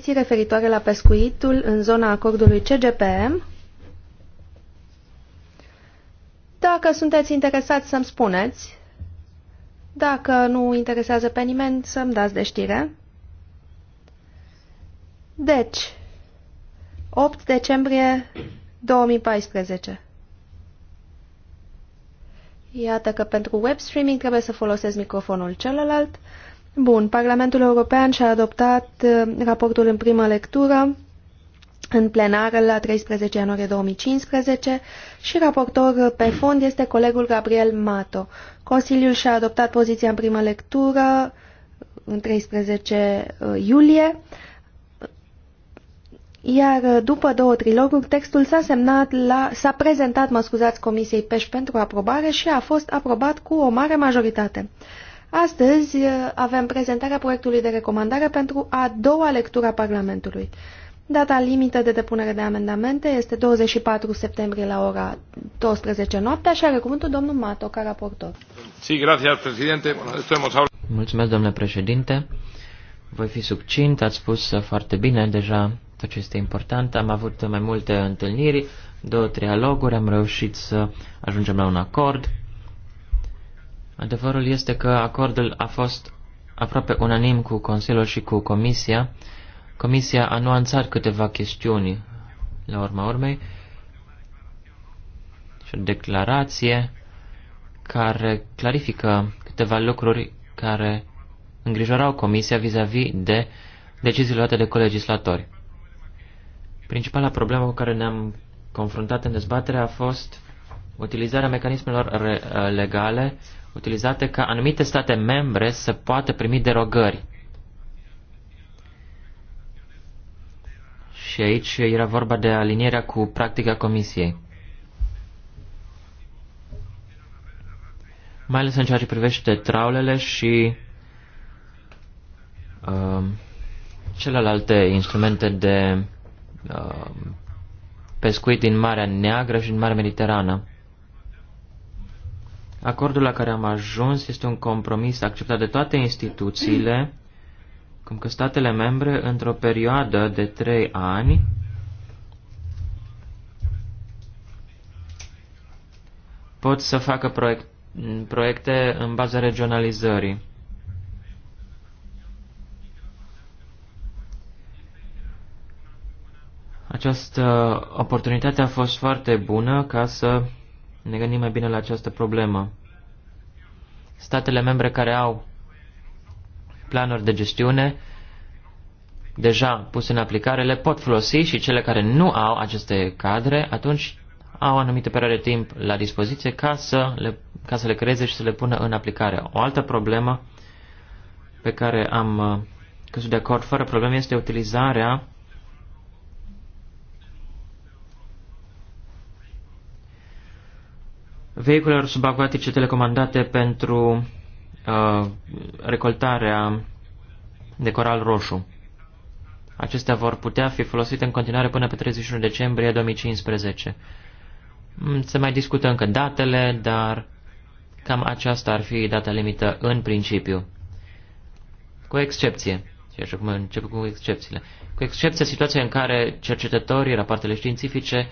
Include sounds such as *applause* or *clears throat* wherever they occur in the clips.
investiții referitoare la pescuitul în zona acordului CGPM. Dacă sunteți interesați să-mi spuneți, dacă nu interesează pe nimeni, să-mi dați de știre. Deci, 8 decembrie 2014. Iată că pentru web streaming trebuie să folosesc microfonul celălalt. Bun, Parlamentul European și-a adoptat uh, raportul în primă lectură în plenară la 13 ianuarie 2015 și raportor uh, pe fond este colegul Gabriel Mato. Consiliul și-a adoptat poziția în primă lectură uh, în 13 iulie, iar după două triloguri, textul s-a semnat la, s-a prezentat, mă scuzați, Comisiei PEș pentru aprobare și a fost aprobat cu o mare majoritate. Astăzi eh, avem prezentarea proiectului de recomandare pentru a doua lectură a Parlamentului. Data limită de depunere de amendamente este 24 septembrie la ora 12 noaptea și are cuvântul domnul Mato, ca raportor. Sí, gracias, presidente. Mulțumesc, domnule președinte. Voi fi succint, ați spus foarte bine deja tot ce este important. Am avut mai multe întâlniri, două trialoguri, am reușit să ajungem la un acord. Adevărul este că acordul a fost aproape unanim cu Consiliul și cu Comisia. Comisia a nuanțat câteva chestiuni la urma urmei și o declarație care clarifică câteva lucruri care îngrijorau Comisia vis-a-vis -vis de deciziile luate de colegislatori. Principala problemă cu care ne-am confruntat în dezbatere a fost utilizarea mecanismelor legale utilizate ca anumite state membre să poată primi derogări. Și aici era vorba de alinierea cu practica Comisiei. Mai ales în ceea ce privește traulele și uh, celelalte instrumente de uh, pescuit din Marea Neagră și din Marea Mediterană. Acordul la care am ajuns este un compromis acceptat de toate instituțiile, cum că statele membre, într-o perioadă de trei ani, pot să facă proiect, proiecte în baza regionalizării. Această oportunitate a fost foarte bună ca să ne gândim mai bine la această problemă. Statele membre care au planuri de gestiune deja puse în aplicare le pot folosi și cele care nu au aceste cadre, atunci au anumite perioade de timp la dispoziție ca să, le, ca să le creeze și să le pună în aplicare. O altă problemă pe care am uh, căzut de acord fără probleme este utilizarea vehiculelor subacvatice telecomandate pentru uh, recoltarea de coral roșu. Acestea vor putea fi folosite în continuare până pe 31 decembrie 2015. Mm, se mai discută încă datele, dar cam aceasta ar fi data limită în principiu. Cu excepție, și așa cum încep cu excepțiile, cu excepția situației în care cercetătorii, rapoartele științifice, uh,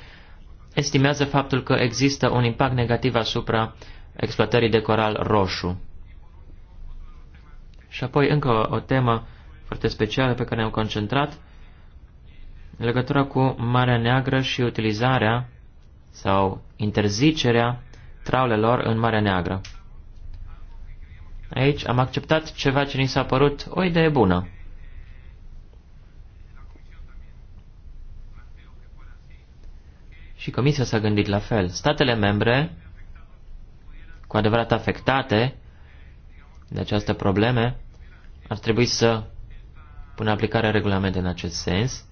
estimează faptul că există un impact negativ asupra exploatării de coral roșu. Și apoi încă o temă foarte specială pe care ne-am concentrat, în legătură cu Marea Neagră și utilizarea sau interzicerea traulelor în Marea Neagră. Aici am acceptat ceva ce ni s-a părut o idee bună. Și Comisia s-a gândit la fel. Statele membre, cu adevărat afectate de această probleme, ar trebui să pună aplicarea regulamente în acest sens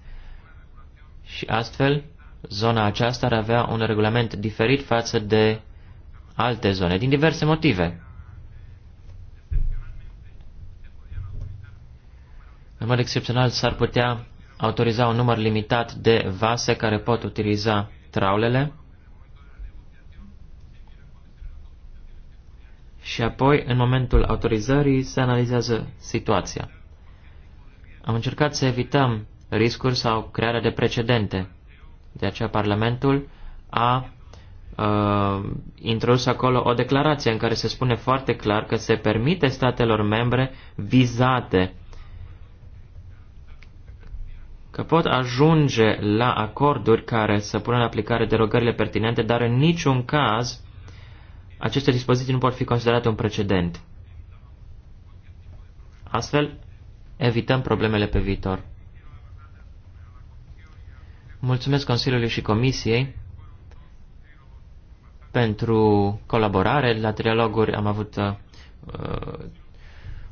și astfel zona aceasta ar avea un regulament diferit față de alte zone, din diverse motive. În mod excepțional s-ar putea autoriza un număr limitat de vase care pot utiliza traulele și apoi, în momentul autorizării, se analizează situația. Am încercat să evităm riscuri sau crearea de precedente. De aceea Parlamentul a uh, introdus acolo o declarație în care se spune foarte clar că se permite statelor membre vizate că pot ajunge la acorduri care să pună în aplicare derogările pertinente, dar în niciun caz aceste dispoziții nu pot fi considerate un precedent. Astfel, evităm problemele pe viitor. Mulțumesc Consiliului și Comisiei pentru colaborare. La trialoguri am avut uh,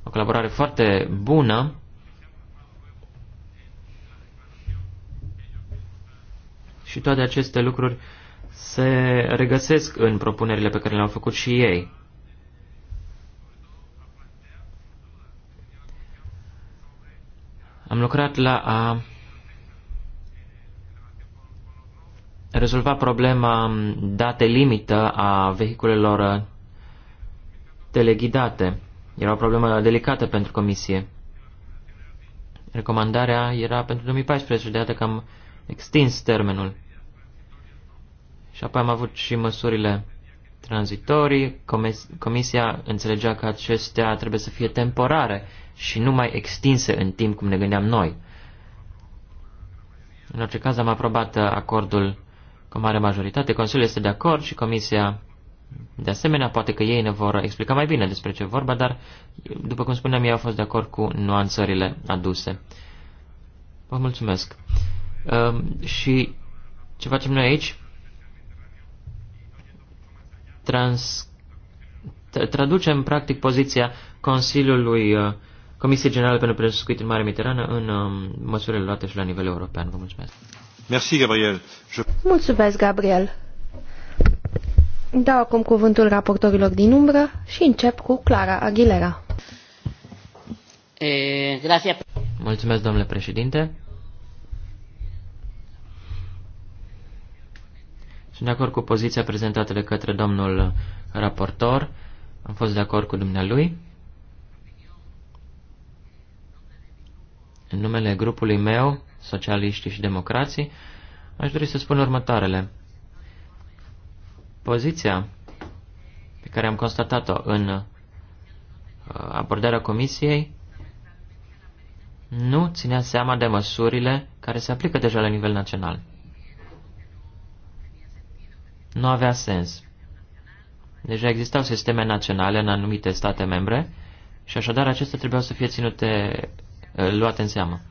o colaborare foarte bună Și toate aceste lucruri se regăsesc în propunerile pe care le-au făcut și ei. Am lucrat la a rezolva problema date limită a vehiculelor teleghidate. Era o problemă delicată pentru comisie. Recomandarea era pentru 2014, de dată că am extins termenul. Și apoi am avut și măsurile tranzitorii. Comisia înțelegea că acestea trebuie să fie temporare și nu mai extinse în timp cum ne gândeam noi. În orice caz am aprobat uh, acordul cu mare majoritate. Consiliul este de acord și Comisia de asemenea, poate că ei ne vor explica mai bine despre ce vorba, dar, după cum spuneam, ei au fost de acord cu nuanțările aduse. Vă mulțumesc. Um, și ce facem noi aici? trans, traducem practic poziția Consiliului uh, Comisiei Generale pentru Prescuit în Marea Mediterană în um, măsurile luate și la nivel european. Vă mulțumesc. Merci, Gabriel. Je... Mulțumesc, Gabriel. Dau acum cuvântul raportorilor din umbră și încep cu Clara Aguilera. E, eh, Mulțumesc, domnule președinte. Sunt de acord cu poziția prezentată de către domnul raportor. Am fost de acord cu dumnealui. În numele grupului meu, Socialiștii și Democrații, aș dori să spun următoarele. Poziția pe care am constatat-o în uh, abordarea comisiei nu ținea seama de măsurile care se aplică deja la nivel național nu avea sens. Deja existau sisteme naționale în anumite state membre și așadar acestea trebuiau să fie ținute, eh, luate în seamă.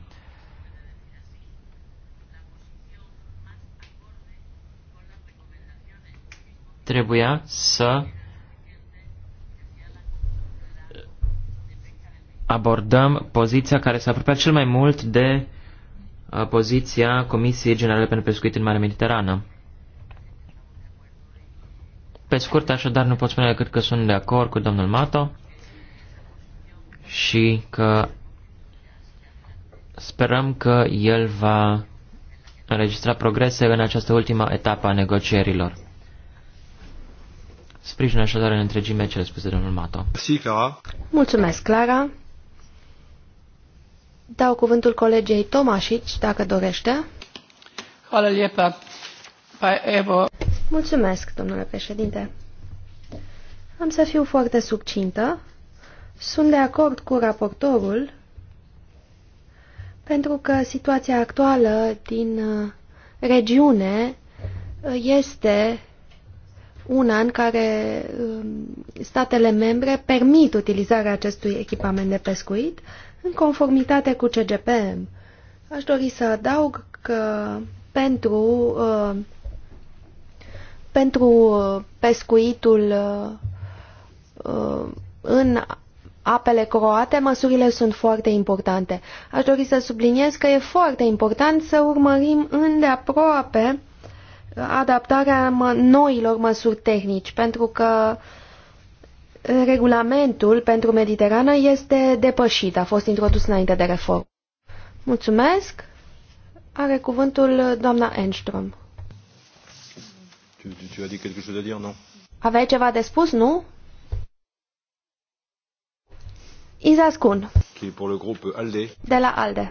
Trebuia să abordăm poziția care se apropia cel mai mult de eh, poziția Comisiei Generale pentru Pescuit în Marea Mediterană. Pe scurt, așadar, nu pot spune decât că sunt de acord cu domnul Mato și că sperăm că el va înregistra progrese în această ultima etapă a negocierilor. Sprijin așadar în întregime cele spuse domnul Mato. Mulțumesc, Clara. Dau cuvântul colegei Tomașici, dacă dorește. Hvala lijepa. Pa evo. Mulțumesc, domnule președinte. Am să fiu foarte subcintă. Sunt de acord cu raportorul pentru că situația actuală din uh, regiune uh, este una în care um, statele membre permit utilizarea acestui echipament de pescuit în conformitate cu CGPM. Aș dori să adaug că pentru uh, pentru uh, pescuitul uh, uh, în apele croate, măsurile sunt foarte importante. Aș dori să subliniez că e foarte important să urmărim îndeaproape adaptarea noilor măsuri tehnici, pentru că regulamentul pentru Mediterană este depășit, a fost introdus înainte de reformă. Mulțumesc! Are cuvântul doamna Enstrom. Tu, tu, tu as dit quelque chose à dire, non Aveai ceva de spus, nu? Izascun. Qui pour le groupe ALDE. De la ALDE.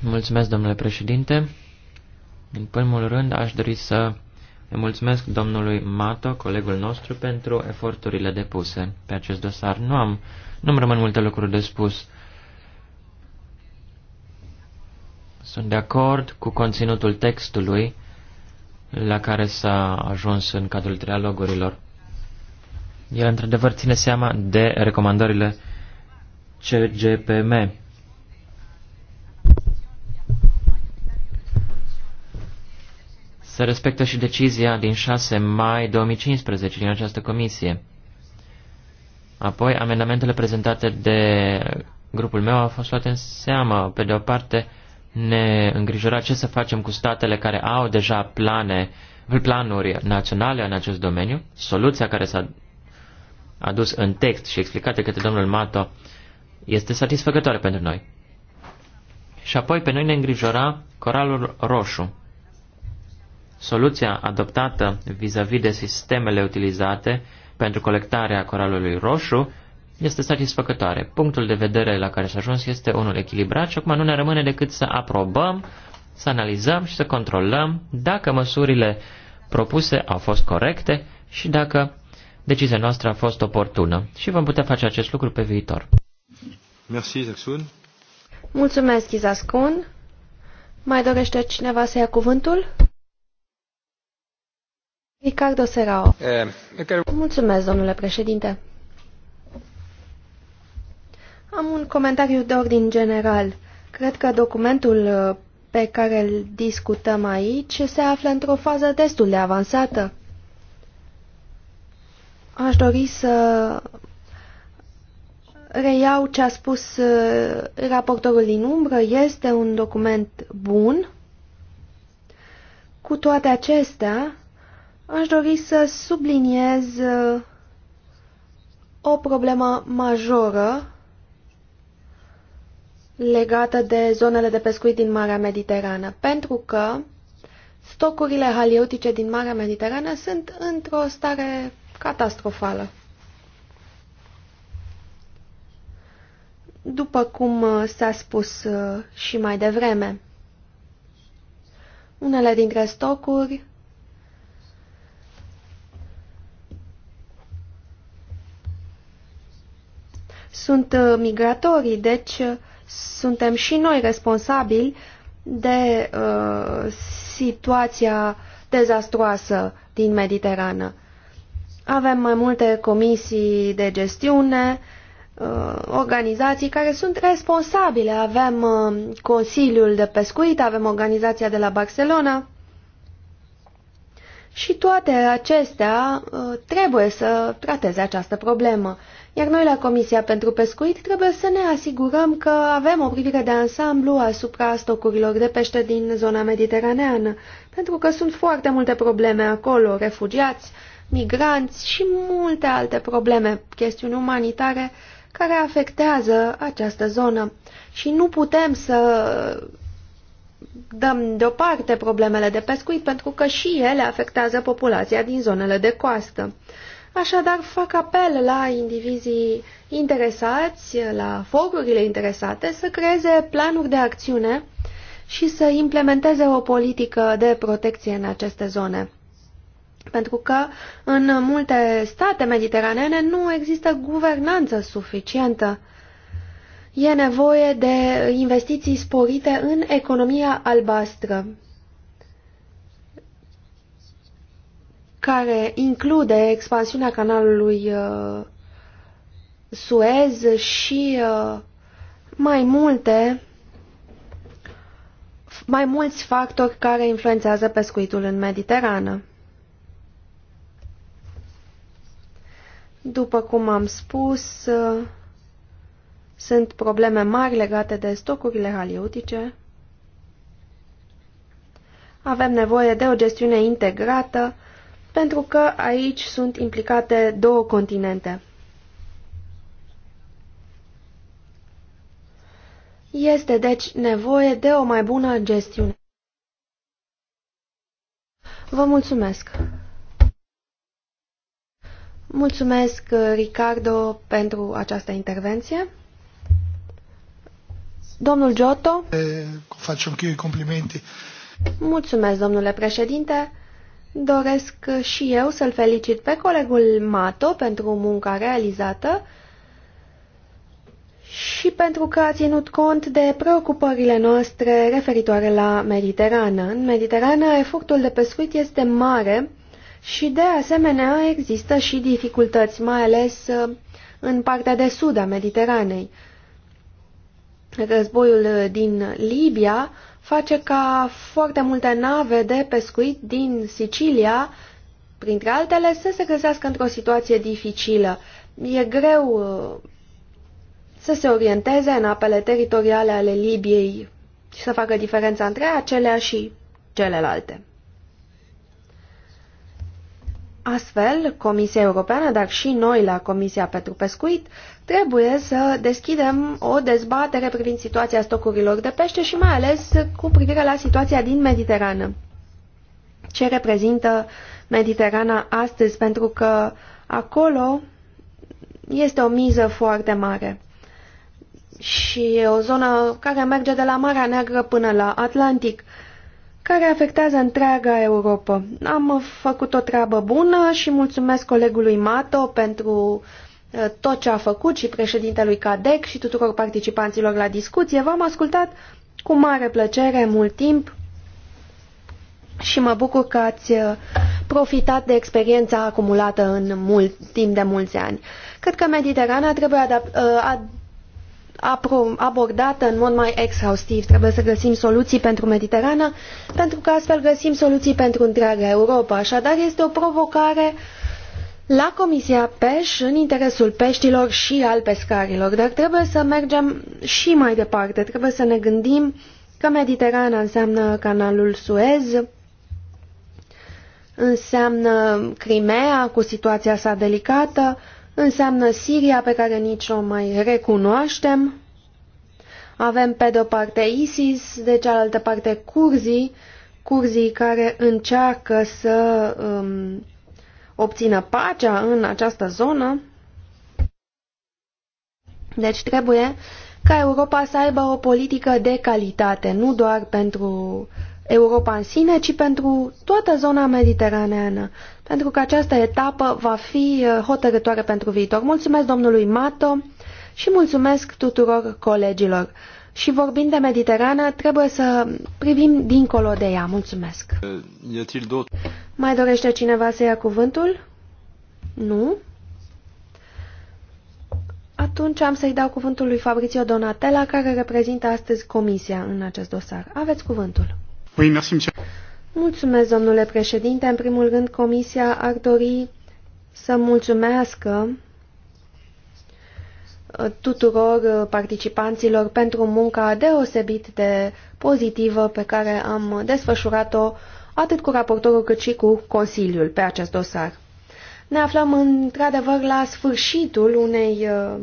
Mulțumesc, domnule președinte. În primul rând, aș dori să îi mulțumesc domnului Mato, colegul nostru, pentru eforturile depuse pe acest dosar. Nu am, nu rămân multe lucruri de spus. Sunt de acord cu conținutul textului la care s-a ajuns în cadrul trialogurilor. El, într-adevăr, ține seama de recomandările CGPM. Se respectă și decizia din 6 mai 2015 din această comisie. Apoi, amendamentele prezentate de grupul meu au fost luate în seamă. Pe de o parte, ne îngrijora ce să facem cu statele care au deja plane, planuri naționale în acest domeniu. Soluția care s-a adus în text și explicată către domnul Mato este satisfăcătoare pentru noi. Și apoi pe noi ne îngrijora coralul roșu. Soluția adoptată vis-a-vis -vis de sistemele utilizate pentru colectarea coralului roșu este satisfăcătoare. Punctul de vedere la care s-a ajuns este unul echilibrat și acum nu ne rămâne decât să aprobăm, să analizăm și să controlăm dacă măsurile propuse au fost corecte și dacă decizia noastră a fost oportună. Și vom putea face acest lucru pe viitor. Merci, Zaxun. Mulțumesc, Izascun. Mai dorește cineva să ia cuvântul? Ricardo Serao. Eh, Mulțumesc, domnule președinte. Am un comentariu de ordin general. Cred că documentul uh, pe care îl discutăm aici se află într-o fază destul de avansată. Aș dori să reiau ce a spus uh, raportorul din umbră. Este un document bun. Cu toate acestea, aș dori să subliniez uh, o problemă majoră legată de zonele de pescuit din Marea Mediterană, pentru că stocurile halieutice din Marea Mediterană sunt într-o stare catastrofală. După cum uh, s-a spus uh, și mai devreme, unele dintre stocuri sunt uh, migratorii, deci suntem și noi responsabili de uh, situația dezastroasă din Mediterană. Avem mai multe comisii de gestiune, uh, organizații care sunt responsabile. Avem uh, Consiliul de Pescuit, avem organizația de la Barcelona și toate acestea uh, trebuie să trateze această problemă. Iar noi la Comisia pentru Pescuit trebuie să ne asigurăm că avem o privire de ansamblu asupra stocurilor de pește din zona mediteraneană, pentru că sunt foarte multe probleme acolo, refugiați, migranți și multe alte probleme, chestiuni umanitare, care afectează această zonă. Și nu putem să dăm deoparte problemele de pescuit, pentru că și ele afectează populația din zonele de coastă. Așadar, fac apel la indivizii interesați, la focurile interesate, să creeze planuri de acțiune și să implementeze o politică de protecție în aceste zone. Pentru că în multe state mediteranene nu există guvernanță suficientă. E nevoie de investiții sporite în economia albastră, care include expansiunea canalului uh, Suez și uh, mai multe mai mulți factori care influențează pescuitul în Mediterană. După cum am spus, uh, sunt probleme mari legate de stocurile haliutice. Avem nevoie de o gestiune integrată pentru că aici sunt implicate două continente. Este deci nevoie de o mai bună gestiune. Vă mulțumesc! Mulțumesc, Ricardo, pentru această intervenție. Domnul Giotto. Eh, Fac și complimente. Mulțumesc, domnule președinte. Doresc și eu să-l felicit pe colegul Mato pentru munca realizată și pentru că a ținut cont de preocupările noastre referitoare la Mediterană. În Mediterană, efortul de pescuit este mare și, de asemenea, există și dificultăți, mai ales uh, în partea de sud a Mediteranei. Războiul din Libia face ca foarte multe nave de pescuit din Sicilia, printre altele, să se găsească într-o situație dificilă. E greu uh, să se orienteze în apele teritoriale ale Libiei și să facă diferența între acelea și celelalte. Astfel, Comisia Europeană, dar și noi la Comisia pentru Pescuit, trebuie să deschidem o dezbatere privind situația stocurilor de pește și mai ales cu privire la situația din Mediterană. Ce reprezintă Mediterana astăzi, pentru că acolo este o miză foarte mare și o zonă care merge de la Marea Neagră până la Atlantic, care afectează întreaga Europa. Am făcut o treabă bună și mulțumesc colegului Mato pentru uh, Uh, tot ce a făcut și președintelui CADEC și tuturor participanților la discuție. V-am ascultat cu mare plăcere, mult timp și mă bucur că ați uh, profitat de experiența acumulată în mult, timp de mulți ani. Cred că Mediterana trebuie uh, abordată în mod mai exhaustiv. Trebuie să găsim soluții pentru Mediterana, pentru că astfel găsim soluții pentru întreaga Europa. Așadar, este o provocare uh, la Comisia PEș în interesul peștilor și al pescarilor, dar trebuie să mergem și mai departe. Trebuie să ne gândim că Mediterana înseamnă canalul Suez, înseamnă Crimea cu situația sa delicată, înseamnă Siria pe care nici o mai recunoaștem. Avem pe de-o parte ISIS, de cealaltă parte curzii, curzii care încearcă să um, obțină pacea în această zonă. Deci trebuie ca Europa să aibă o politică de calitate, nu doar pentru Europa în sine, ci pentru toată zona mediteraneană, pentru că această etapă va fi uh, hotărătoare pentru viitor. Mulțumesc domnului Mato și mulțumesc tuturor colegilor și vorbind de Mediterană, trebuie să privim dincolo de ea. Mulțumesc. Mai dorește cineva să ia cuvântul? Nu? Atunci am să-i dau cuvântul lui Fabrizio Donatella, care reprezintă astăzi Comisia în acest dosar. Aveți cuvântul. Oui, merci, Mulțumesc, domnule președinte. În primul rând, Comisia ar dori să mulțumească Uh, tuturor uh, participanților pentru munca deosebit de pozitivă pe care am desfășurat-o atât cu raportorul cât și cu Consiliul pe acest dosar. Ne aflăm într-adevăr la sfârșitul unei uh,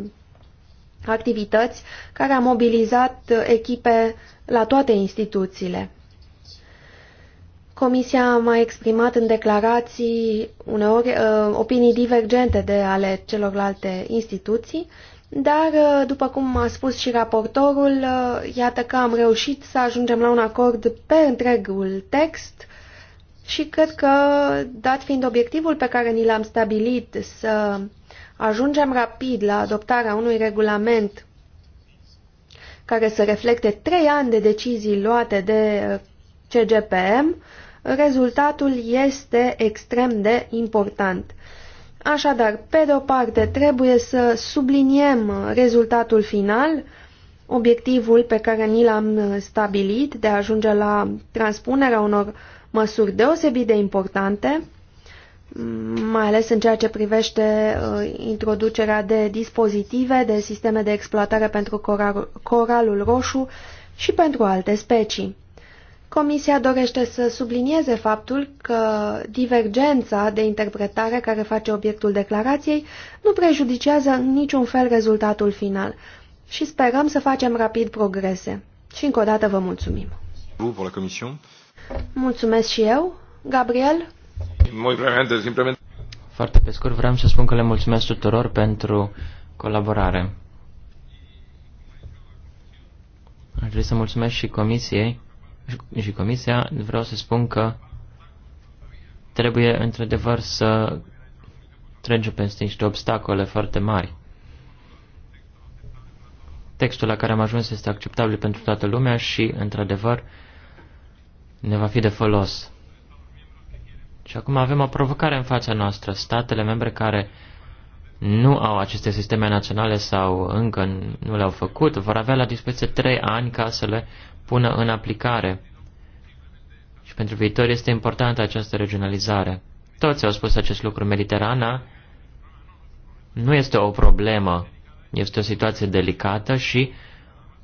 activități care a mobilizat echipe la toate instituțiile. Comisia a mai exprimat în declarații uneori opinii divergente de ale celorlalte instituții dar, uh, după cum a spus și raportorul, uh, iată că am reușit să ajungem la un acord pe întregul text și cred că, dat fiind obiectivul pe care ni l-am stabilit să ajungem rapid la adoptarea unui regulament care să reflecte trei ani de decizii luate de uh, CGPM, rezultatul este extrem de important. Așadar, pe de o parte, trebuie să subliniem uh, rezultatul final, obiectivul pe care ni l-am uh, stabilit de a ajunge la transpunerea unor măsuri deosebit de importante, mm, mai ales în ceea ce privește uh, introducerea de dispozitive, de sisteme de exploatare pentru coralul roșu și pentru alte specii. Comisia dorește să sublinieze faptul că divergența de interpretare care face obiectul declarației nu prejudicează în niciun fel rezultatul final și sperăm să facem rapid progrese. Și încă o dată vă mulțumim. Mulțumesc și eu. Gabriel? Foarte pe scurt vreau să spun că le mulțumesc tuturor pentru colaborare. Aș vrea să mulțumesc și comisiei și Comisia, vreau să spun că trebuie într-adevăr să trecem peste niște obstacole foarte mari. Textul la care am ajuns este acceptabil pentru toată lumea și, într-adevăr, ne va fi de folos. Și acum avem o provocare în fața noastră. Statele membre care nu au aceste sisteme naționale sau încă nu le-au făcut, vor avea la dispoziție trei ani ca să le pună în aplicare. Și pentru viitor este importantă această regionalizare. Toți au spus acest lucru. Mediterana nu este o problemă, este o situație delicată și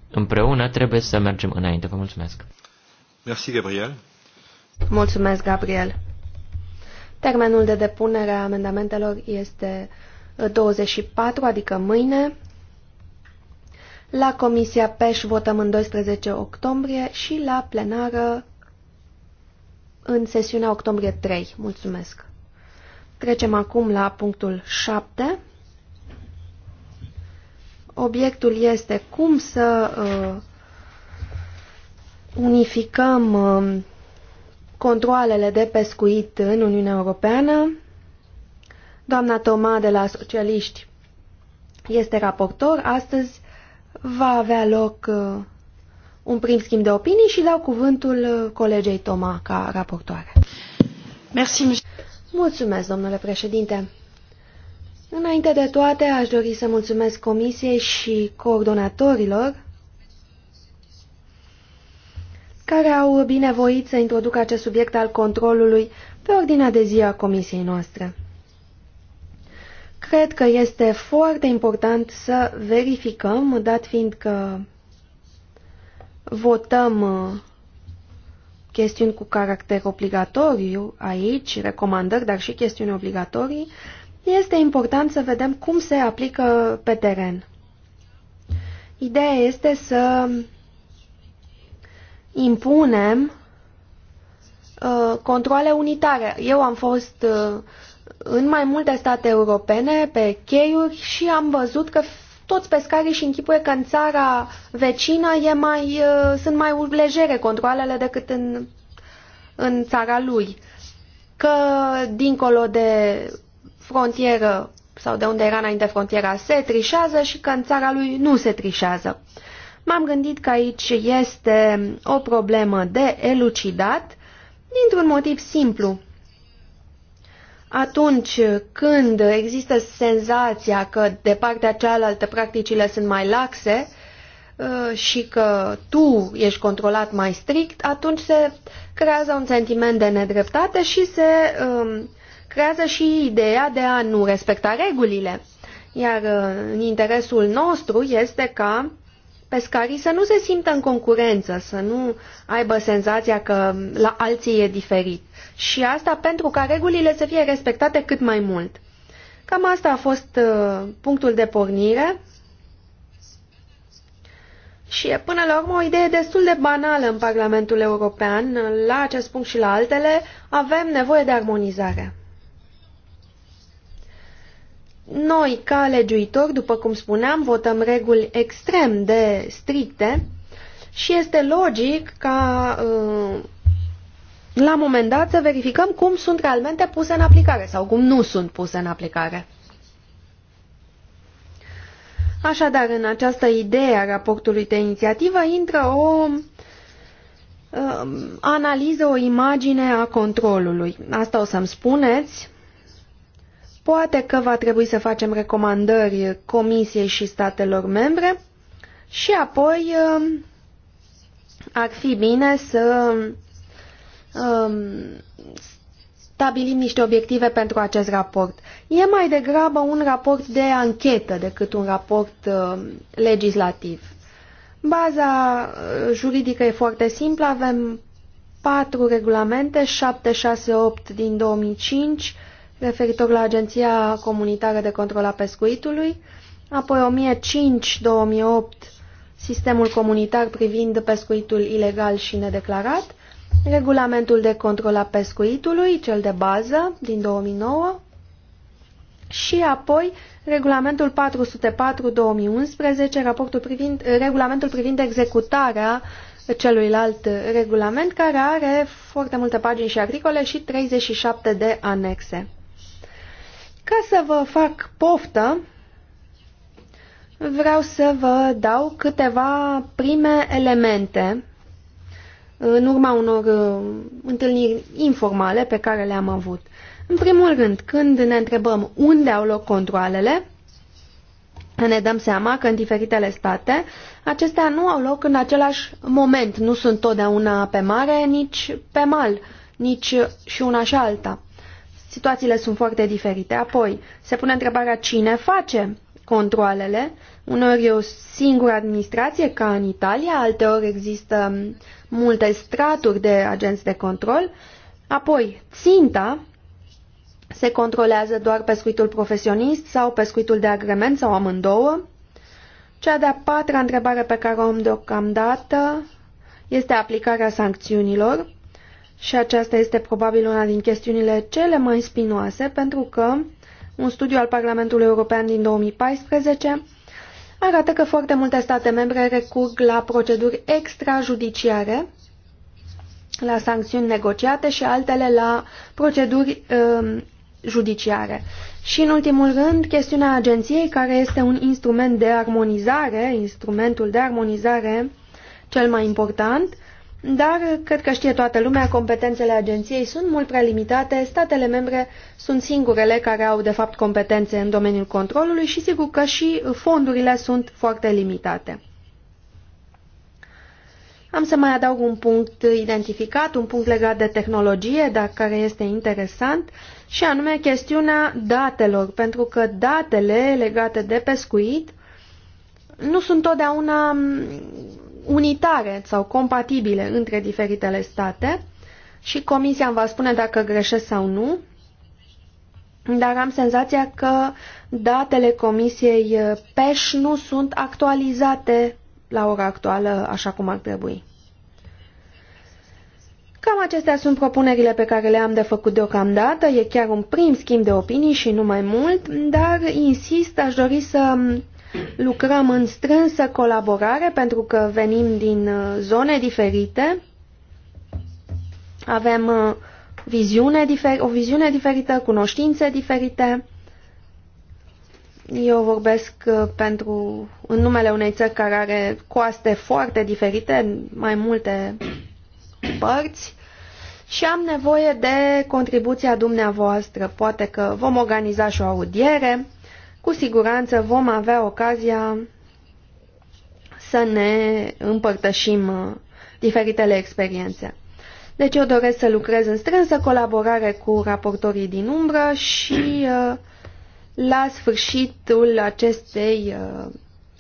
împreună trebuie să mergem înainte. Vă mulțumesc. Merci, Gabriel. Mulțumesc, Gabriel. Termenul de depunere a amendamentelor este 24, adică mâine. La Comisia PEș votăm în 12 octombrie și la plenară în sesiunea octombrie 3. Mulțumesc! Trecem acum la punctul 7. Obiectul este cum să uh, unificăm uh, um, controalele de pescuit în Uniunea Europeană. Doamna Toma de la Socialiști este raportor. Astăzi va avea loc uh, un prim schimb de opinii și dau cuvântul uh, colegei Toma ca raportoare. Merci, Mulțumesc, domnule președinte. Înainte de toate, aș dori să mulțumesc comisiei și coordonatorilor care au binevoit să introducă acest subiect al controlului pe ordinea de zi a comisiei noastre. Cred că este foarte important să verificăm, dat fiind că votăm uh, chestiuni cu caracter obligatoriu aici, recomandări, dar și chestiuni obligatorii, este important să vedem cum se aplică pe teren. Ideea este să impunem uh, controle unitare. Eu am fost uh, în mai multe state europene pe cheiuri și am văzut că toți pescarii și închipuie că în țara vecină e mai, uh, sunt mai legere controlele decât în, în țara lui. Că dincolo de frontieră sau de unde era înainte frontiera se trișează și că în țara lui nu se trișează. M-am gândit că aici este o problemă de elucidat dintr-un motiv simplu atunci când există senzația că de partea cealaltă practicile sunt mai laxe uh, și că tu ești controlat mai strict, atunci se creează un sentiment de nedreptate și se um, creează și ideea de a nu respecta regulile. Iar uh, în interesul nostru este ca pescarii să nu se simtă în concurență, să nu aibă senzația că la alții e diferit. Și asta pentru ca regulile să fie respectate cât mai mult. Cam asta a fost uh, punctul de pornire. Și e până la urmă o idee destul de banală în Parlamentul European. La acest punct și la altele avem nevoie de armonizare. Noi, ca legiuitori, după cum spuneam, votăm reguli extrem de stricte și este logic ca uh, la un moment dat să verificăm cum sunt realmente puse în aplicare sau cum nu sunt puse în aplicare. Așadar, în această idee a raportului de inițiativă intră o uh, analiză, o imagine a controlului. Asta o să-mi spuneți, Poate că va trebui să facem recomandări Comisiei și statelor membre și apoi um, ar fi bine să um, stabilim niște obiective pentru acest raport. E mai degrabă un raport de anchetă decât un raport um, legislativ. Baza uh, juridică e foarte simplă, avem patru regulamente, 768 din 2005, referitor la Agenția Comunitară de Control a Pescuitului, apoi 1005-2008 Sistemul Comunitar privind pescuitul ilegal și nedeclarat, Regulamentul de control a pescuitului, cel de bază, din 2009, și apoi Regulamentul 404-2011, raportul privind, regulamentul privind executarea celuilalt regulament, care are foarte multe pagini și articole și 37 de anexe. Ca să vă fac poftă, vreau să vă dau câteva prime elemente în urma unor uh, întâlniri informale pe care le-am avut. În primul rând, când ne întrebăm unde au loc controlele, ne dăm seama că în diferitele state acestea nu au loc în același moment, nu sunt totdeauna pe mare, nici pe mal, nici și una și alta. Situațiile sunt foarte diferite. Apoi, se pune întrebarea cine face controlele. Uneori e o singură administrație, ca în Italia, alteori există multe straturi de agenți de control. Apoi, ținta se controlează doar pescuitul profesionist sau pescuitul de agrement sau amândouă. Cea de-a patra întrebare pe care o am deocamdată este aplicarea sancțiunilor. Și aceasta este probabil una din chestiunile cele mai spinoase, pentru că un studiu al Parlamentului European din 2014 arată că foarte multe state membre recurg la proceduri extrajudiciare, la sancțiuni negociate și altele la proceduri um, judiciare. Și în ultimul rând, chestiunea agenției, care este un instrument de armonizare, instrumentul de armonizare cel mai important, dar cred că știe toată lumea, competențele agenției sunt mult prea limitate, statele membre sunt singurele care au de fapt competențe în domeniul controlului și sigur că și fondurile sunt foarte limitate. Am să mai adaug un punct identificat, un punct legat de tehnologie, dar care este interesant, și anume chestiunea datelor, pentru că datele legate de pescuit nu sunt totdeauna unitare sau compatibile între diferitele state și Comisia îmi va spune dacă greșesc sau nu, dar am senzația că datele Comisiei uh, PEș nu sunt actualizate la ora actuală așa cum ar trebui. Cam acestea sunt propunerile pe care le-am de făcut deocamdată, e chiar un prim schimb de opinii și nu mai mult, dar insist, aș dori să Lucrăm în strânsă colaborare pentru că venim din uh, zone diferite, avem uh, viziune difer o viziune diferită, cunoștințe diferite. Eu vorbesc uh, pentru, în numele unei țări care are coaste foarte diferite, mai multe părți și am nevoie de contribuția dumneavoastră. Poate că vom organiza și o audiere cu siguranță vom avea ocazia să ne împărtășim uh, diferitele experiențe. Deci eu doresc să lucrez în strânsă colaborare cu raportorii din umbră și uh, la sfârșitul acestei uh,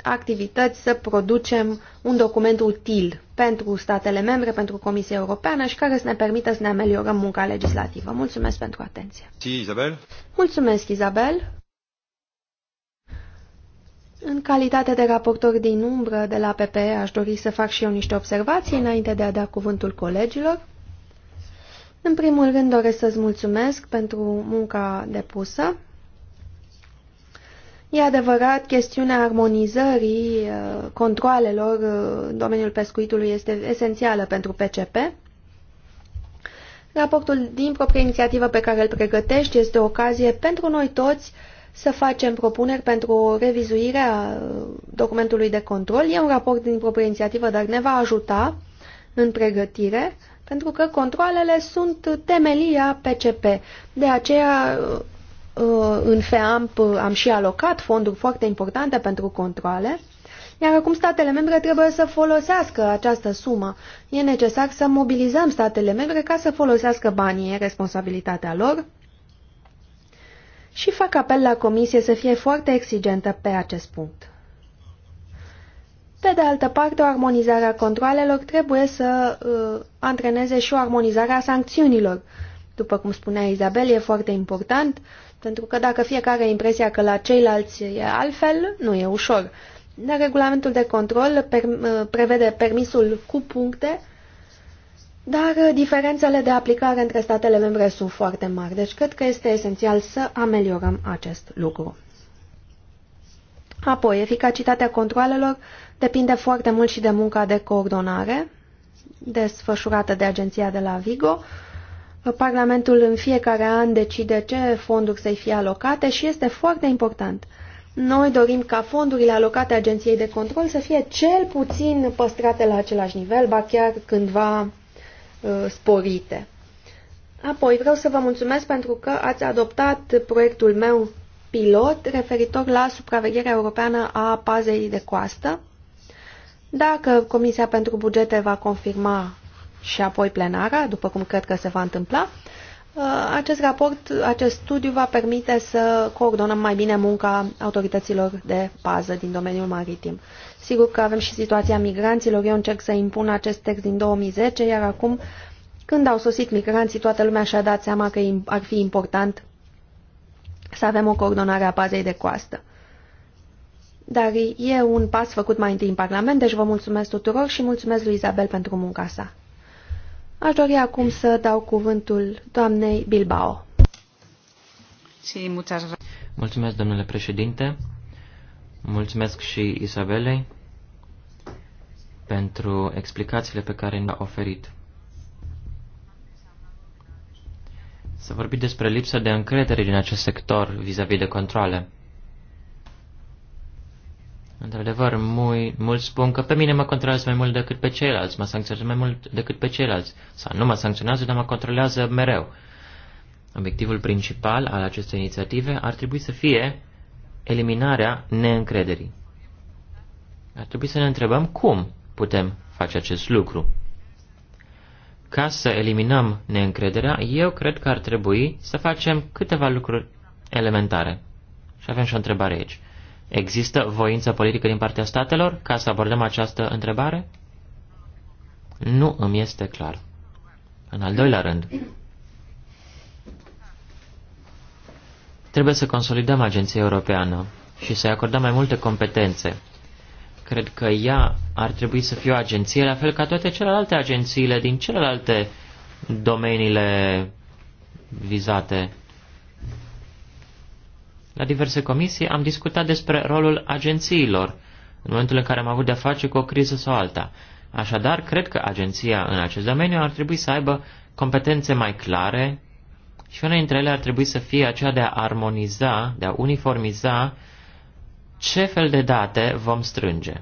activități să producem un document util pentru statele membre, pentru Comisia Europeană și care să ne permită să ne ameliorăm munca legislativă. Mulțumesc pentru atenție. Si, Isabel. Mulțumesc, Isabel. În calitate de raportor din umbră de la PPE aș dori să fac și eu niște observații înainte de a da cuvântul colegilor. În primul rând doresc să-ți mulțumesc pentru munca depusă. E adevărat, chestiunea armonizării uh, controalelor uh, în domeniul pescuitului este esențială pentru PCP. Raportul din proprie inițiativă pe care îl pregătești este o ocazie pentru noi toți să facem propuneri pentru o revizuire a documentului de control. E un raport din proprie inițiativă, dar ne va ajuta în pregătire, pentru că controlele sunt temelia PCP. De aceea, uh, în FEAMP am și alocat fonduri foarte importante pentru controle, iar acum statele membre trebuie să folosească această sumă. E necesar să mobilizăm statele membre ca să folosească banii, e responsabilitatea lor, și fac apel la comisie să fie foarte exigentă pe acest punct. Pe de altă parte, o armonizare a controalelor trebuie să uh, antreneze și o armonizare a sancțiunilor. După cum spunea Izabel, e foarte important, pentru că dacă fiecare impresia că la ceilalți e altfel, nu e ușor. Dar regulamentul de control per, uh, prevede permisul cu puncte dar uh, diferențele de aplicare între statele membre sunt foarte mari, deci cred că este esențial să ameliorăm acest lucru. Apoi, eficacitatea controalelor depinde foarte mult și de munca de coordonare desfășurată de agenția de la Vigo. Parlamentul în fiecare an decide ce fonduri să-i fie alocate și este foarte important. Noi dorim ca fondurile alocate agenției de control să fie cel puțin păstrate la același nivel, ba chiar cândva Uh, sporite. Apoi vreau să vă mulțumesc pentru că ați adoptat proiectul meu pilot referitor la supravegherea europeană a pazei de coastă. Dacă Comisia pentru Bugete va confirma și apoi plenara, după cum cred că se va întâmpla, Uh, acest raport, acest studiu va permite să coordonăm mai bine munca autorităților de bază din domeniul maritim. Sigur că avem și situația migranților. Eu încerc să impun acest text din 2010, iar acum, când au sosit migranții, toată lumea și-a dat seama că ar fi important să avem o coordonare a bazei de coastă. Dar e un pas făcut mai întâi în Parlament, deci vă mulțumesc tuturor și mulțumesc lui Isabel pentru munca sa. Aș dori acum să dau cuvântul doamnei Bilbao. Mulțumesc, domnule președinte. Mulțumesc și Isabelei pentru explicațiile pe care ne a oferit. să vorbim despre lipsa de încredere din acest sector vis-a-vis -vis de controle. Într-adevăr, mulți spun că pe mine mă controlează mai mult decât pe ceilalți, mă sancționează mai mult decât pe ceilalți. Sau nu mă sancționează, dar mă controlează mereu. Obiectivul principal al acestei inițiative ar trebui să fie eliminarea neîncrederii. Ar trebui să ne întrebăm cum putem face acest lucru. Ca să eliminăm neîncrederea, eu cred că ar trebui să facem câteva lucruri elementare. Și avem și o întrebare aici. Există voință politică din partea statelor ca să abordăm această întrebare? Nu îmi este clar. În al doilea rând, trebuie să consolidăm Agenția Europeană și să-i acordăm mai multe competențe. Cred că ea ar trebui să fie o agenție, la fel ca toate celelalte agențiile din celelalte domeniile vizate la diverse comisii am discutat despre rolul agențiilor în momentul în care am avut de-a face cu o criză sau alta. Așadar, cred că agenția în acest domeniu ar trebui să aibă competențe mai clare și una dintre ele ar trebui să fie aceea de a armoniza, de a uniformiza ce fel de date vom strânge,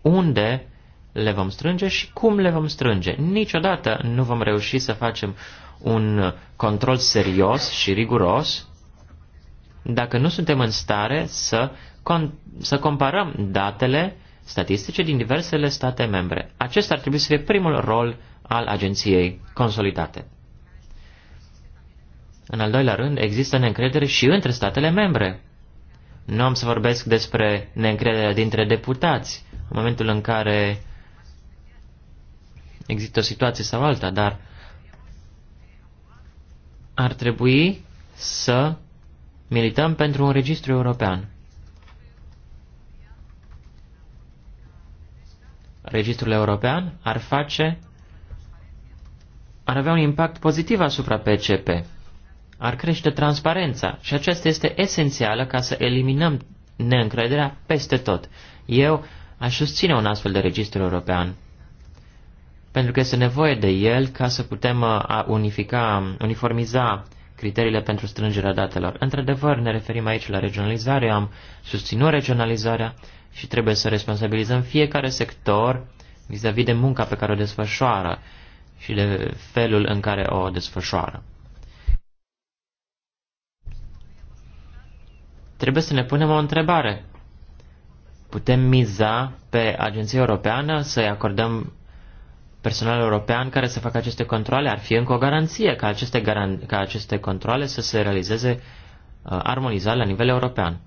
unde le vom strânge și cum le vom strânge. Niciodată nu vom reuși să facem un control serios și riguros dacă nu suntem în stare să, con- să comparăm datele statistice din diversele state membre. Acesta ar trebui să fie primul rol al agenției consolidate. În al doilea rând, există neîncredere și între statele membre. Nu am să vorbesc despre neîncrederea dintre deputați, în momentul în care există o situație sau alta, dar ar trebui să Milităm pentru un registru european. Registrul european ar face, ar avea un impact pozitiv asupra PCP. Ar crește transparența și aceasta este esențială ca să eliminăm neîncrederea peste tot. Eu aș susține un astfel de registru european pentru că este nevoie de el ca să putem uh, unifica, uniformiza criteriile pentru strângerea datelor. Într-adevăr, ne referim aici la regionalizare, am susținut regionalizarea și trebuie să responsabilizăm fiecare sector vis-a-vis -vis de munca pe care o desfășoară și de felul în care o desfășoară. Trebuie să ne punem o întrebare. Putem miza pe agenția europeană să-i acordăm personal european care să facă aceste controle ar fi încă o garanție ca aceste, garan- ca aceste controle să se realizeze uh, armonizat la nivel european.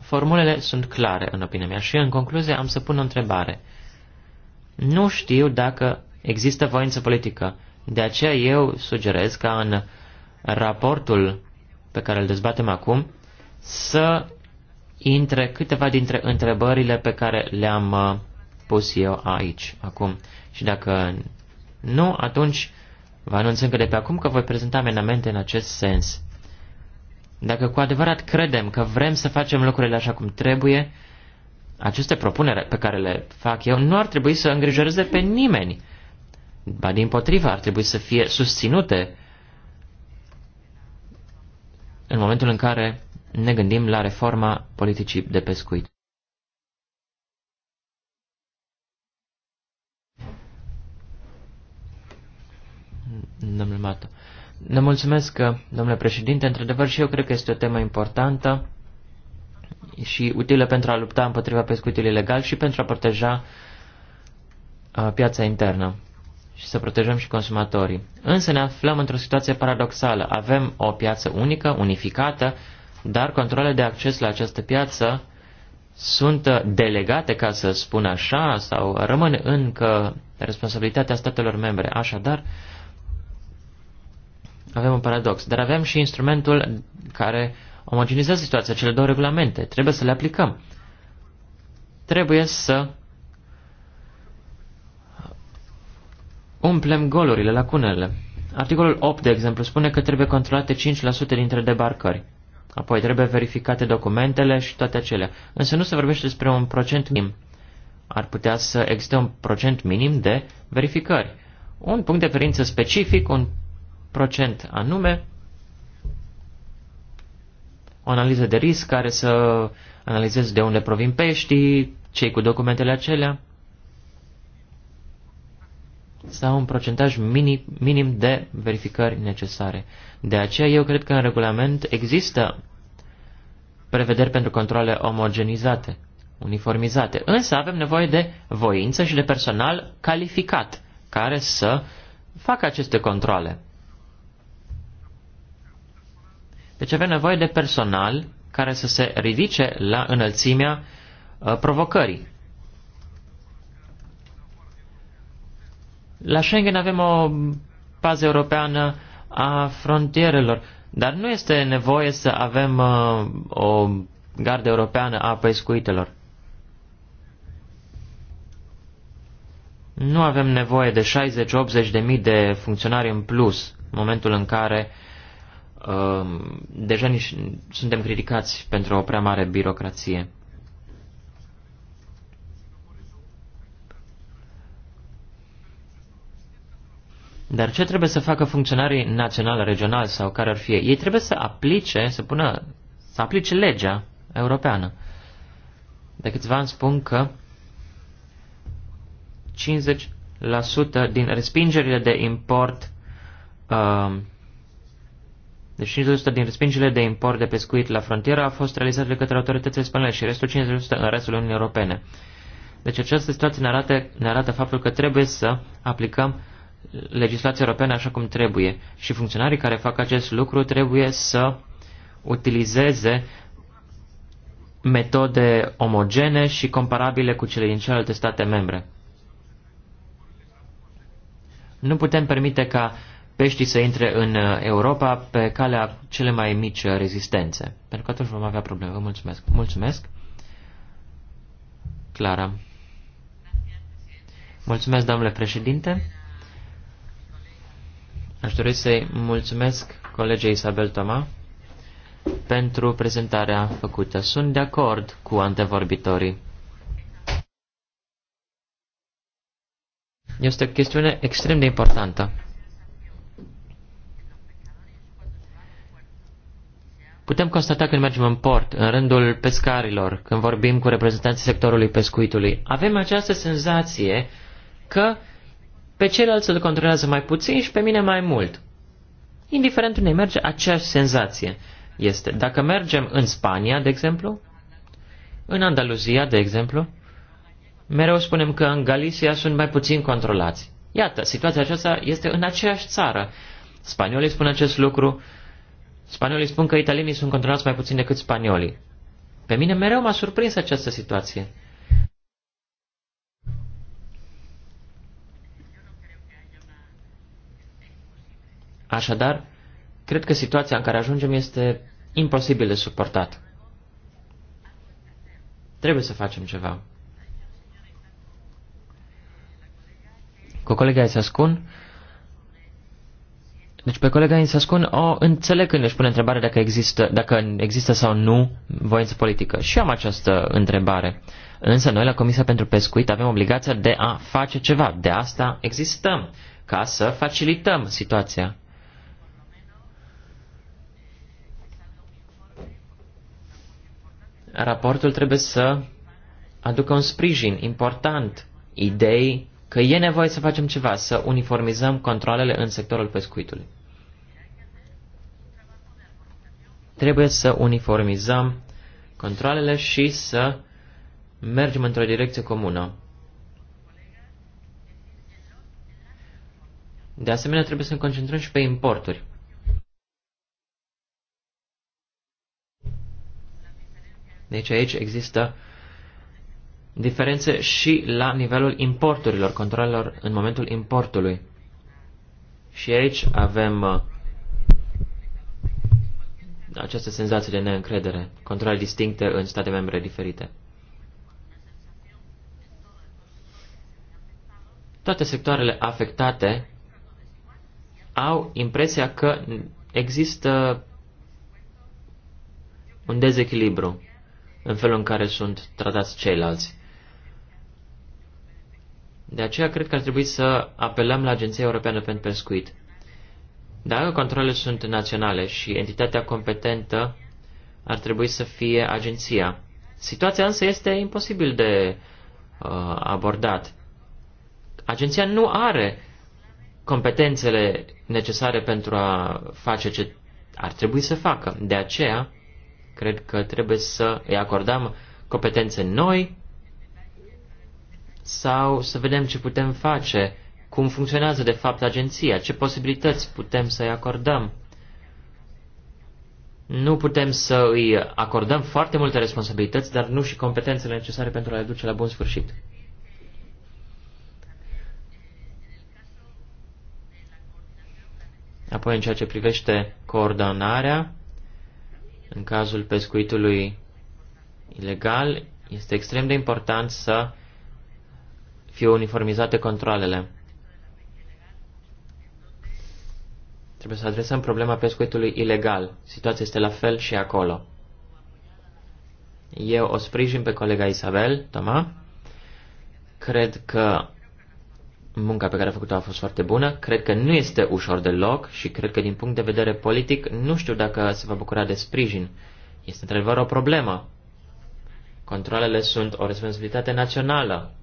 Formulele sunt clare, în opinia mea, și în concluzie am să pun o întrebare. Nu știu dacă există voință politică. De aceea eu sugerez ca în raportul pe care îl dezbatem acum să intre câteva dintre întrebările pe care le-am uh, pus eu aici, acum. Și dacă nu, atunci vă anunț încă de pe acum că voi prezenta amenamente în acest sens. Dacă cu adevărat credem că vrem să facem lucrurile așa cum trebuie, aceste propuneri pe care le fac eu nu ar trebui să îngrijoreze pe nimeni. Ba din potrivă, ar trebui să fie susținute în momentul în care ne gândim la reforma politicii de pescuit. Domnule Mato. Ne mulțumesc, domnule președinte. Într-adevăr, și eu cred că este o temă importantă și utilă pentru a lupta împotriva pescuitului ilegal și pentru a proteja piața internă și să protejăm și consumatorii. Însă ne aflăm într-o situație paradoxală. Avem o piață unică, unificată, dar controlele de acces la această piață sunt delegate, ca să spun așa, sau rămân încă responsabilitatea statelor membre. Așadar, avem un paradox, dar avem și instrumentul care omogenizează situația, cele două regulamente. Trebuie să le aplicăm. Trebuie să umplem golurile, lacunele. Articolul 8, de exemplu, spune că trebuie controlate 5% dintre debarcări. Apoi trebuie verificate documentele și toate acelea. Însă nu se vorbește despre un procent minim. Ar putea să existe un procent minim de verificări. Un punct de referință specific, un procent anume, o analiză de risc care să analizeze de unde provin peștii, cei cu documentele acelea sau un procentaj minim, minim de verificări necesare. De aceea eu cred că în regulament există prevederi pentru controle omogenizate, uniformizate, însă avem nevoie de voință și de personal calificat care să facă aceste controle. Deci avem nevoie de personal care să se ridice la înălțimea uh, provocării. La Schengen avem o pază europeană a frontierelor, dar nu este nevoie să avem uh, o gardă europeană a pescuitelor. Nu avem nevoie de 60-80 de mii de funcționari în plus în momentul în care uh, deja nici suntem criticați pentru o prea mare birocrație. Dar ce trebuie să facă funcționarii naționali, regionali sau care ar fi ei? trebuie să aplice, să pună, să aplice legea europeană. De câțiva ani spun că 50% din respingerile de import uh, deci 50% din respingerile de import de pescuit la frontieră a fost realizate de către autoritățile spaniole și restul 50% în restul Uniunii Europene. Deci această situație ne arată, ne arată faptul că trebuie să aplicăm legislația europeană așa cum trebuie și funcționarii care fac acest lucru trebuie să utilizeze metode omogene și comparabile cu cele din celelalte state membre. Nu putem permite ca peștii să intre în Europa pe calea cele mai mici rezistențe, pentru că atunci vom avea probleme. Vă mulțumesc. Mulțumesc. Clara. Mulțumesc, domnule președinte. Aș dori să-i mulțumesc colegei Isabel Toma pentru prezentarea făcută. Sunt de acord cu antevorbitorii. Este o chestiune extrem de importantă. Putem constata când mergem în port, în rândul pescarilor, când vorbim cu reprezentanții sectorului pescuitului, avem această senzație că pe ceilalți îl controlează mai puțin și pe mine mai mult. Indiferent unde merge, aceeași senzație este. Dacă mergem în Spania, de exemplu, în Andaluzia, de exemplu, mereu spunem că în Galicia sunt mai puțin controlați. Iată, situația aceasta este în aceeași țară. Spaniolii spun acest lucru, spaniolii spun că italienii sunt controlați mai puțin decât spaniolii. Pe mine mereu m-a surprins această situație. Așadar, cred că situația în care ajungem este imposibil de suportat. Trebuie să facem ceva. Cu colega Isascun, deci pe colega Isascun o înțeleg când își pune întrebarea dacă există, dacă există sau nu voință politică. Și eu am această întrebare. Însă noi la Comisia pentru Pescuit avem obligația de a face ceva. De asta existăm, ca să facilităm situația. raportul trebuie să aducă un sprijin important, idei că e nevoie să facem ceva, să uniformizăm controlele în sectorul pescuitului. Trebuie să uniformizăm controlele și să mergem într-o direcție comună. De asemenea, trebuie să ne concentrăm și pe importuri. Deci aici există diferențe și la nivelul importurilor, controlelor în momentul importului. Și aici avem uh, această senzație de neîncredere, controle distincte în state membre diferite. Toate sectoarele afectate au impresia că există un dezechilibru în felul în care sunt tratați ceilalți. De aceea cred că ar trebui să apelăm la Agenția Europeană pentru Pescuit. Dacă controlele sunt naționale și entitatea competentă ar trebui să fie agenția. Situația însă este imposibil de uh, abordat. Agenția nu are competențele necesare pentru a face ce ar trebui să facă. De aceea, Cred că trebuie să îi acordăm competențe noi sau să vedem ce putem face, cum funcționează de fapt agenția, ce posibilități putem să îi acordăm. Nu putem să îi acordăm foarte multe responsabilități, dar nu și competențele necesare pentru a le duce la bun sfârșit. Apoi, în ceea ce privește coordonarea, în cazul pescuitului ilegal, este extrem de important să fie uniformizate controlele. Trebuie să adresăm problema pescuitului ilegal. Situația este la fel și acolo. Eu o sprijin pe colega Isabel, Toma. Cred că Munca pe care a făcut-o a fost foarte bună. Cred că nu este ușor deloc și cred că din punct de vedere politic nu știu dacă se va bucura de sprijin. Este într-adevăr o problemă. Controlele sunt o responsabilitate națională.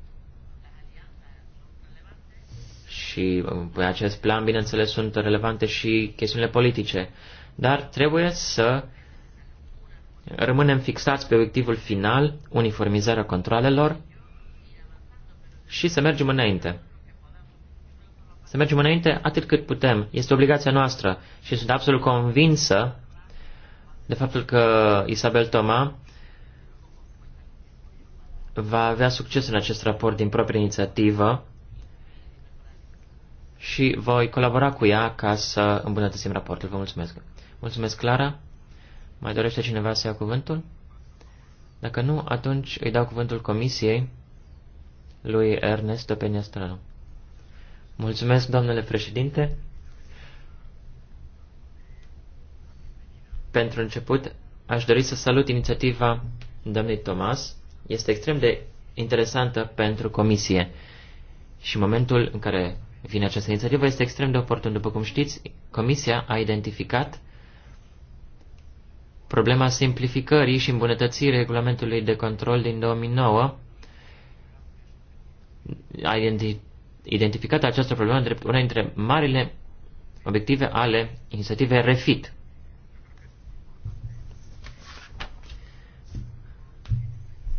Și pe uh, acest plan, bineînțeles, sunt relevante și chestiunile politice. Dar trebuie să rămânem fixați pe obiectivul final, uniformizarea controlelor și să mergem înainte să mergem înainte atât cât putem. Este obligația noastră și sunt absolut convinsă de faptul că Isabel Toma va avea succes în acest raport din proprie inițiativă și voi colabora cu ea ca să îmbunătățim raportul. Vă mulțumesc. Mulțumesc, Clara. Mai dorește cineva să ia cuvântul? Dacă nu, atunci îi dau cuvântul comisiei lui Ernesto Peniastrano. Mulțumesc, domnule președinte. Pentru început, aș dori să salut inițiativa domnului Thomas. Este extrem de interesantă pentru comisie. Și momentul în care vine această inițiativă este extrem de oportun. După cum știți, comisia a identificat problema simplificării și îmbunătățirii regulamentului de control din 2009 a identificată această problemă drept una dintre marile obiective ale inițiativei REFIT.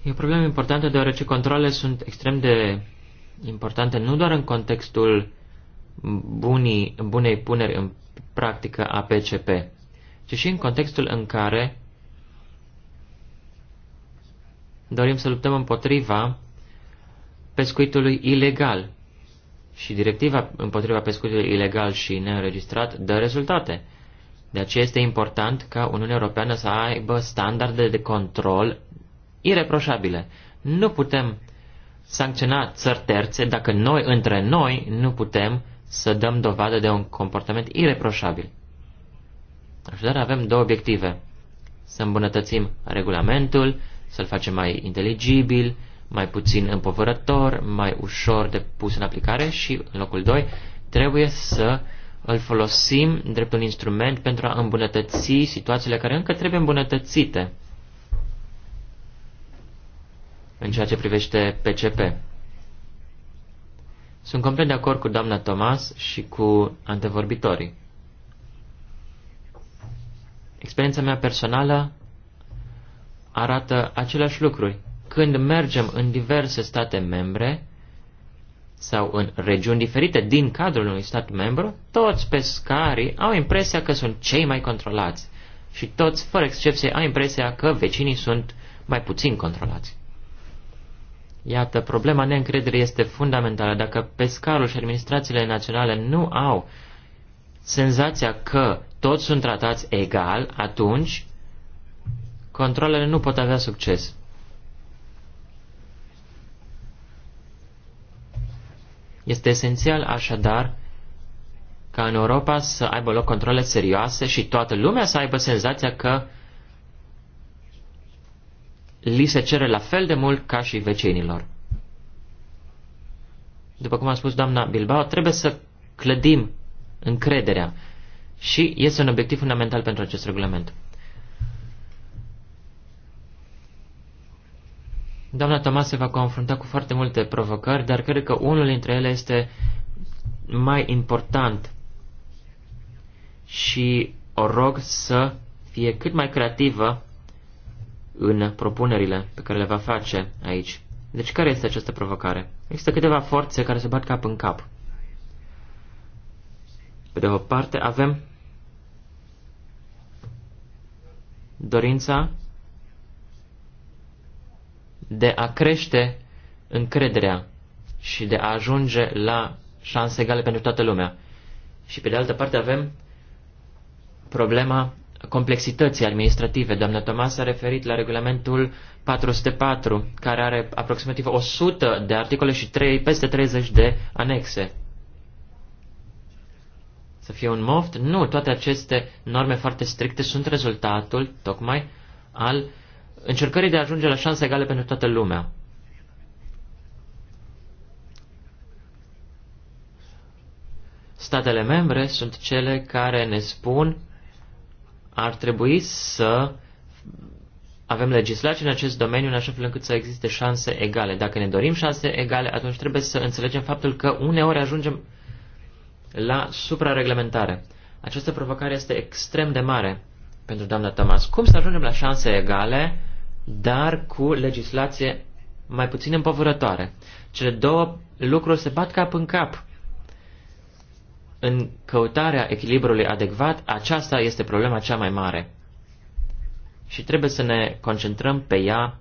E o problemă importantă deoarece controlele sunt extrem de importante nu doar în contextul bunii, bunei puneri în practică a PCP, ci și în contextul în care dorim să luptăm împotriva pescuitului ilegal și directiva împotriva pescuitului ilegal și neînregistrat dă rezultate. De aceea este important ca Uniunea Europeană să aibă standarde de control ireproșabile. Nu putem sancționa țări terțe dacă noi, între noi, nu putem să dăm dovadă de un comportament ireproșabil. Așadar avem două obiective. Să îmbunătățim regulamentul, să-l facem mai inteligibil, mai puțin împovărător, mai ușor de pus în aplicare și, în locul 2, trebuie să îl folosim drept un instrument pentru a îmbunătăți situațiile care încă trebuie îmbunătățite în ceea ce privește PCP. Sunt complet de acord cu doamna Thomas și cu antevorbitorii. Experiența mea personală arată aceleași lucruri când mergem în diverse state membre sau în regiuni diferite din cadrul unui stat membru, toți pescarii au impresia că sunt cei mai controlați și toți, fără excepție, au impresia că vecinii sunt mai puțin controlați. Iată, problema neîncrederii este fundamentală. Dacă pescarul și administrațiile naționale nu au senzația că toți sunt tratați egal, atunci controlele nu pot avea succes. Este esențial așadar ca în Europa să aibă loc controle serioase și toată lumea să aibă senzația că li se cere la fel de mult ca și vecinilor. După cum a spus doamna Bilbao, trebuie să clădim încrederea și este un obiectiv fundamental pentru acest regulament. Doamna Thomas se va confrunta cu foarte multe provocări, dar cred că unul dintre ele este mai important și o rog să fie cât mai creativă în propunerile pe care le va face aici. Deci care este această provocare? Există câteva forțe care se bat cap în cap. Pe de o parte avem dorința de a crește încrederea și de a ajunge la șanse egale pentru toată lumea. Și pe de altă parte avem problema complexității administrative. Doamna Tomas a referit la regulamentul 404, care are aproximativ 100 de articole și 3, peste 30 de anexe. Să fie un moft? Nu, toate aceste norme foarte stricte sunt rezultatul tocmai al uh, încercării de a ajunge la șanse egale pentru toată lumea. Statele membre sunt cele care ne spun ar trebui să avem legislație în acest domeniu în așa fel încât să existe șanse egale. Dacă ne dorim șanse egale, atunci trebuie să înțelegem faptul că uneori ajungem la suprareglementare. Această provocare este extrem de mare pentru doamna Thomas. Cum să ajungem la șanse egale dar cu legislație mai puțin împovărătoare. Cele două lucruri se bat cap în cap. În căutarea echilibrului adecvat, aceasta este problema cea mai mare. Și trebuie să ne concentrăm pe ea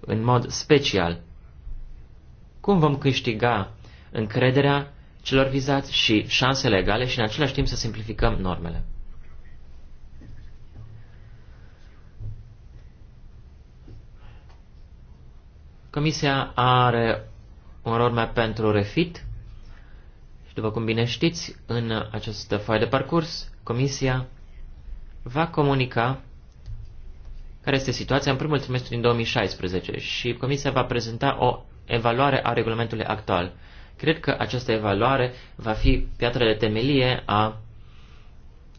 în mod special. Cum vom câștiga încrederea celor vizați și șansele egale și în același timp să simplificăm normele? Comisia are un roadmap pentru refit și, după cum bine știți, în această foaie de parcurs, Comisia va comunica care este situația în primul trimestru din 2016 și Comisia va prezenta o evaluare a regulamentului actual. Cred că această evaluare va fi piatra de temelie a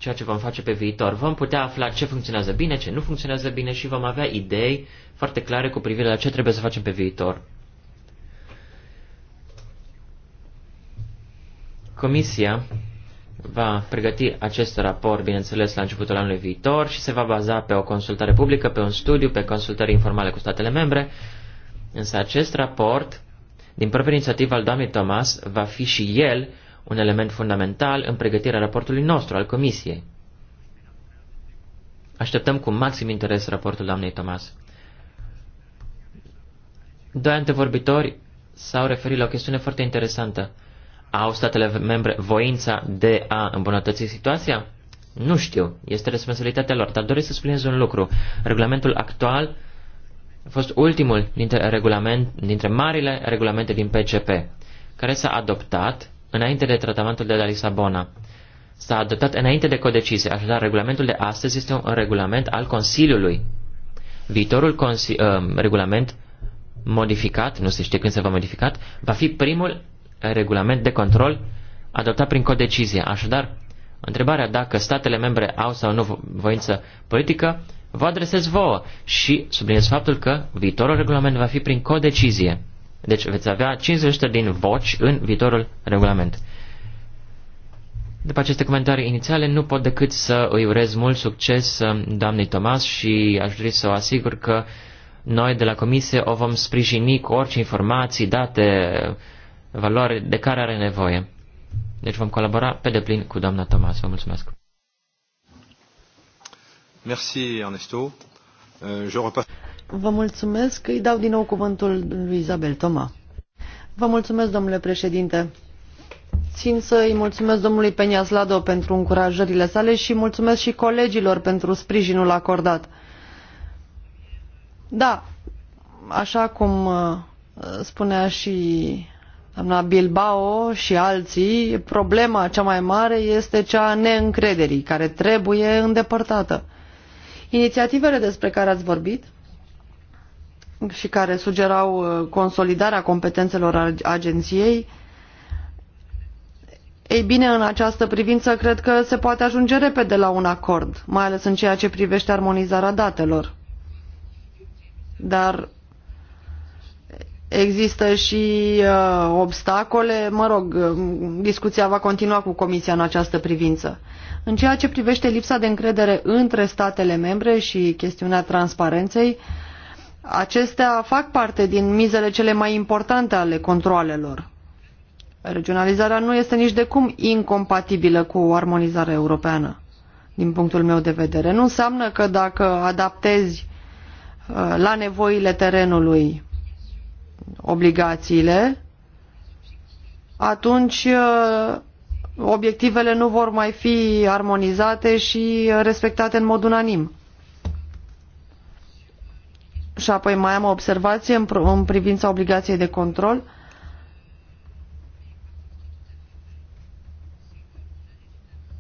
ceea ce vom face pe viitor. Vom putea afla ce funcționează bine, ce nu funcționează bine și vom avea idei foarte clare cu privire la ce trebuie să facem pe viitor. Comisia va pregăti acest raport, bineînțeles, la începutul anului viitor și se va baza pe o consultare publică, pe un studiu, pe consultări informale cu statele membre. Însă acest raport, din propria inițiativă al doamnei Thomas, va fi și el un element fundamental în pregătirea raportului nostru al Comisiei. Așteptăm cu maxim interes raportul doamnei Tomas. Doi antevorbitori s-au referit la o chestiune foarte interesantă. Au statele membre voința de a îmbunătăți situația? Nu știu. Este responsabilitatea lor. Dar doresc să spunez un lucru. Regulamentul actual a fost ultimul dintre, regulament, dintre marile regulamente din PCP, care s-a adoptat înainte de tratamentul de la Lisabona. S-a adoptat înainte de codecizie, așadar regulamentul de astăzi este un regulament al Consiliului. Viitorul consi- uh, regulament modificat, nu se știe când se va modifica, va fi primul regulament de control adoptat prin codecizie. Așadar, întrebarea dacă statele membre au sau nu voință politică, vă adresez vouă și subliniez faptul că viitorul regulament va fi prin codecizie. Deci veți avea 50% din voci în viitorul regulament. După aceste comentarii inițiale, nu pot decât să îi urez mult succes um, doamnei Tomas și aș dori să o asigur că noi de la comisie o vom sprijini cu orice informații, date, valori de care are nevoie. Deci vom colabora pe deplin cu doamna Tomas. Vă mulțumesc. Merci, Ernesto. Euh, je repas... Vă mulțumesc. Îi dau din nou cuvântul lui Isabel Toma. Vă mulțumesc, domnule președinte. Țin să îi mulțumesc domnului Peniaslado pentru încurajările sale și mulțumesc și colegilor pentru sprijinul acordat. Da, așa cum uh, spunea și doamna Bilbao și alții, problema cea mai mare este cea a neîncrederii, care trebuie îndepărtată. Inițiativele despre care ați vorbit și care sugerau uh, consolidarea competențelor agenției. Ei bine, în această privință cred că se poate ajunge repede la un acord, mai ales în ceea ce privește armonizarea datelor. Dar există și uh, obstacole, mă rog, uh, discuția va continua cu Comisia în această privință. În ceea ce privește lipsa de încredere între statele membre și chestiunea transparenței, uh, Acestea fac parte din mizele cele mai importante ale controalelor. Regionalizarea nu este nici de cum incompatibilă cu o armonizare europeană, din punctul meu de vedere. Nu înseamnă că dacă adaptezi uh, la nevoile terenului obligațiile, atunci uh, obiectivele nu vor mai fi armonizate și respectate în mod unanim. Și apoi mai am o observație în, în privința obligației de control.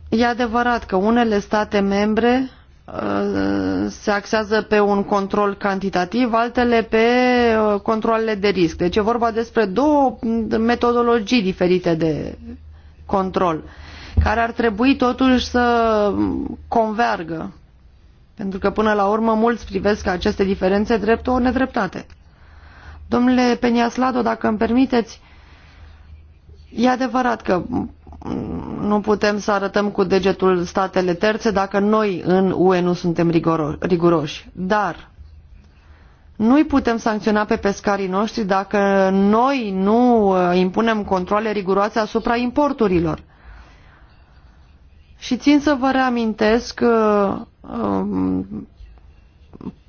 E adevărat că unele state membre uh, se axează pe un control cantitativ, altele pe uh, controlele de risc. Deci e vorba despre două metodologii diferite de control, care ar trebui totuși să convergă. Pentru că până la urmă mulți privesc aceste diferențe drept o nedreptate. Domnule Peniaslado, dacă îmi permiteți, e adevărat că nu putem să arătăm cu degetul statele terțe dacă noi în UE nu suntem riguroși. Dar nu îi putem sancționa pe pescarii noștri dacă noi nu uh, impunem controle riguroase asupra importurilor. Și țin să vă reamintesc uh, um,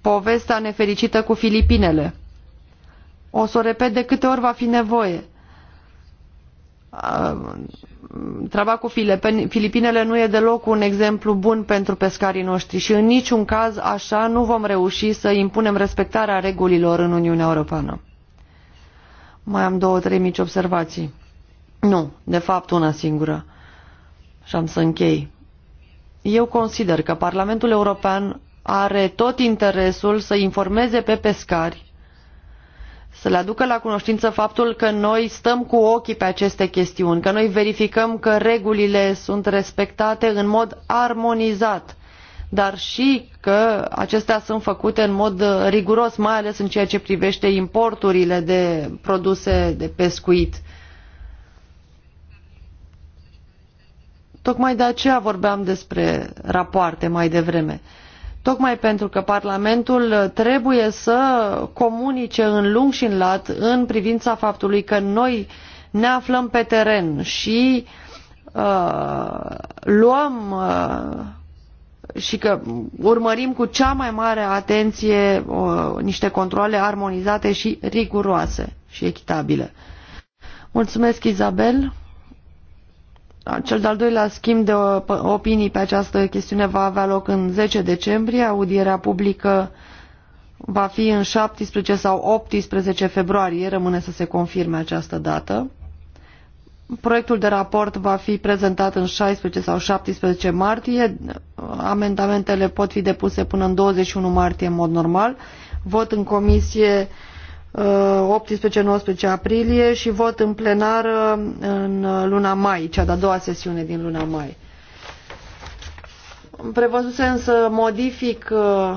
povestea nefericită cu Filipinele. O să o repet de câte ori va fi nevoie. Uh, treaba cu Filipinele nu e deloc un exemplu bun pentru pescarii noștri și în niciun caz așa nu vom reuși să impunem respectarea regulilor în Uniunea Europeană. Mai am două, trei mici observații. Nu, de fapt una singură. Și am să închei. Eu consider că Parlamentul European are tot interesul să informeze pe pescari, să le aducă la cunoștință faptul că noi stăm cu ochii pe aceste chestiuni, că noi verificăm că regulile sunt respectate în mod armonizat, dar și că acestea sunt făcute în mod riguros, mai ales în ceea ce privește importurile de produse de pescuit Tocmai de aceea vorbeam despre rapoarte mai devreme. Tocmai pentru că Parlamentul trebuie să comunice în lung și în lat în privința faptului că noi ne aflăm pe teren și uh, luăm uh, și că urmărim cu cea mai mare atenție uh, niște controle armonizate și riguroase și echitabile. Mulțumesc, Izabel. Cel de-al doilea schimb de opinii pe această chestiune va avea loc în 10 decembrie. Audierea publică va fi în 17 sau 18 februarie, rămâne să se confirme această dată. Proiectul de raport va fi prezentat în 16 sau 17 martie. Amendamentele pot fi depuse până în 21 martie în mod normal. Vot în comisie 18-19 uh, aprilie și vot în plenară în uh, luna mai, cea de-a doua sesiune din luna mai. Prevăzuse să modific uh,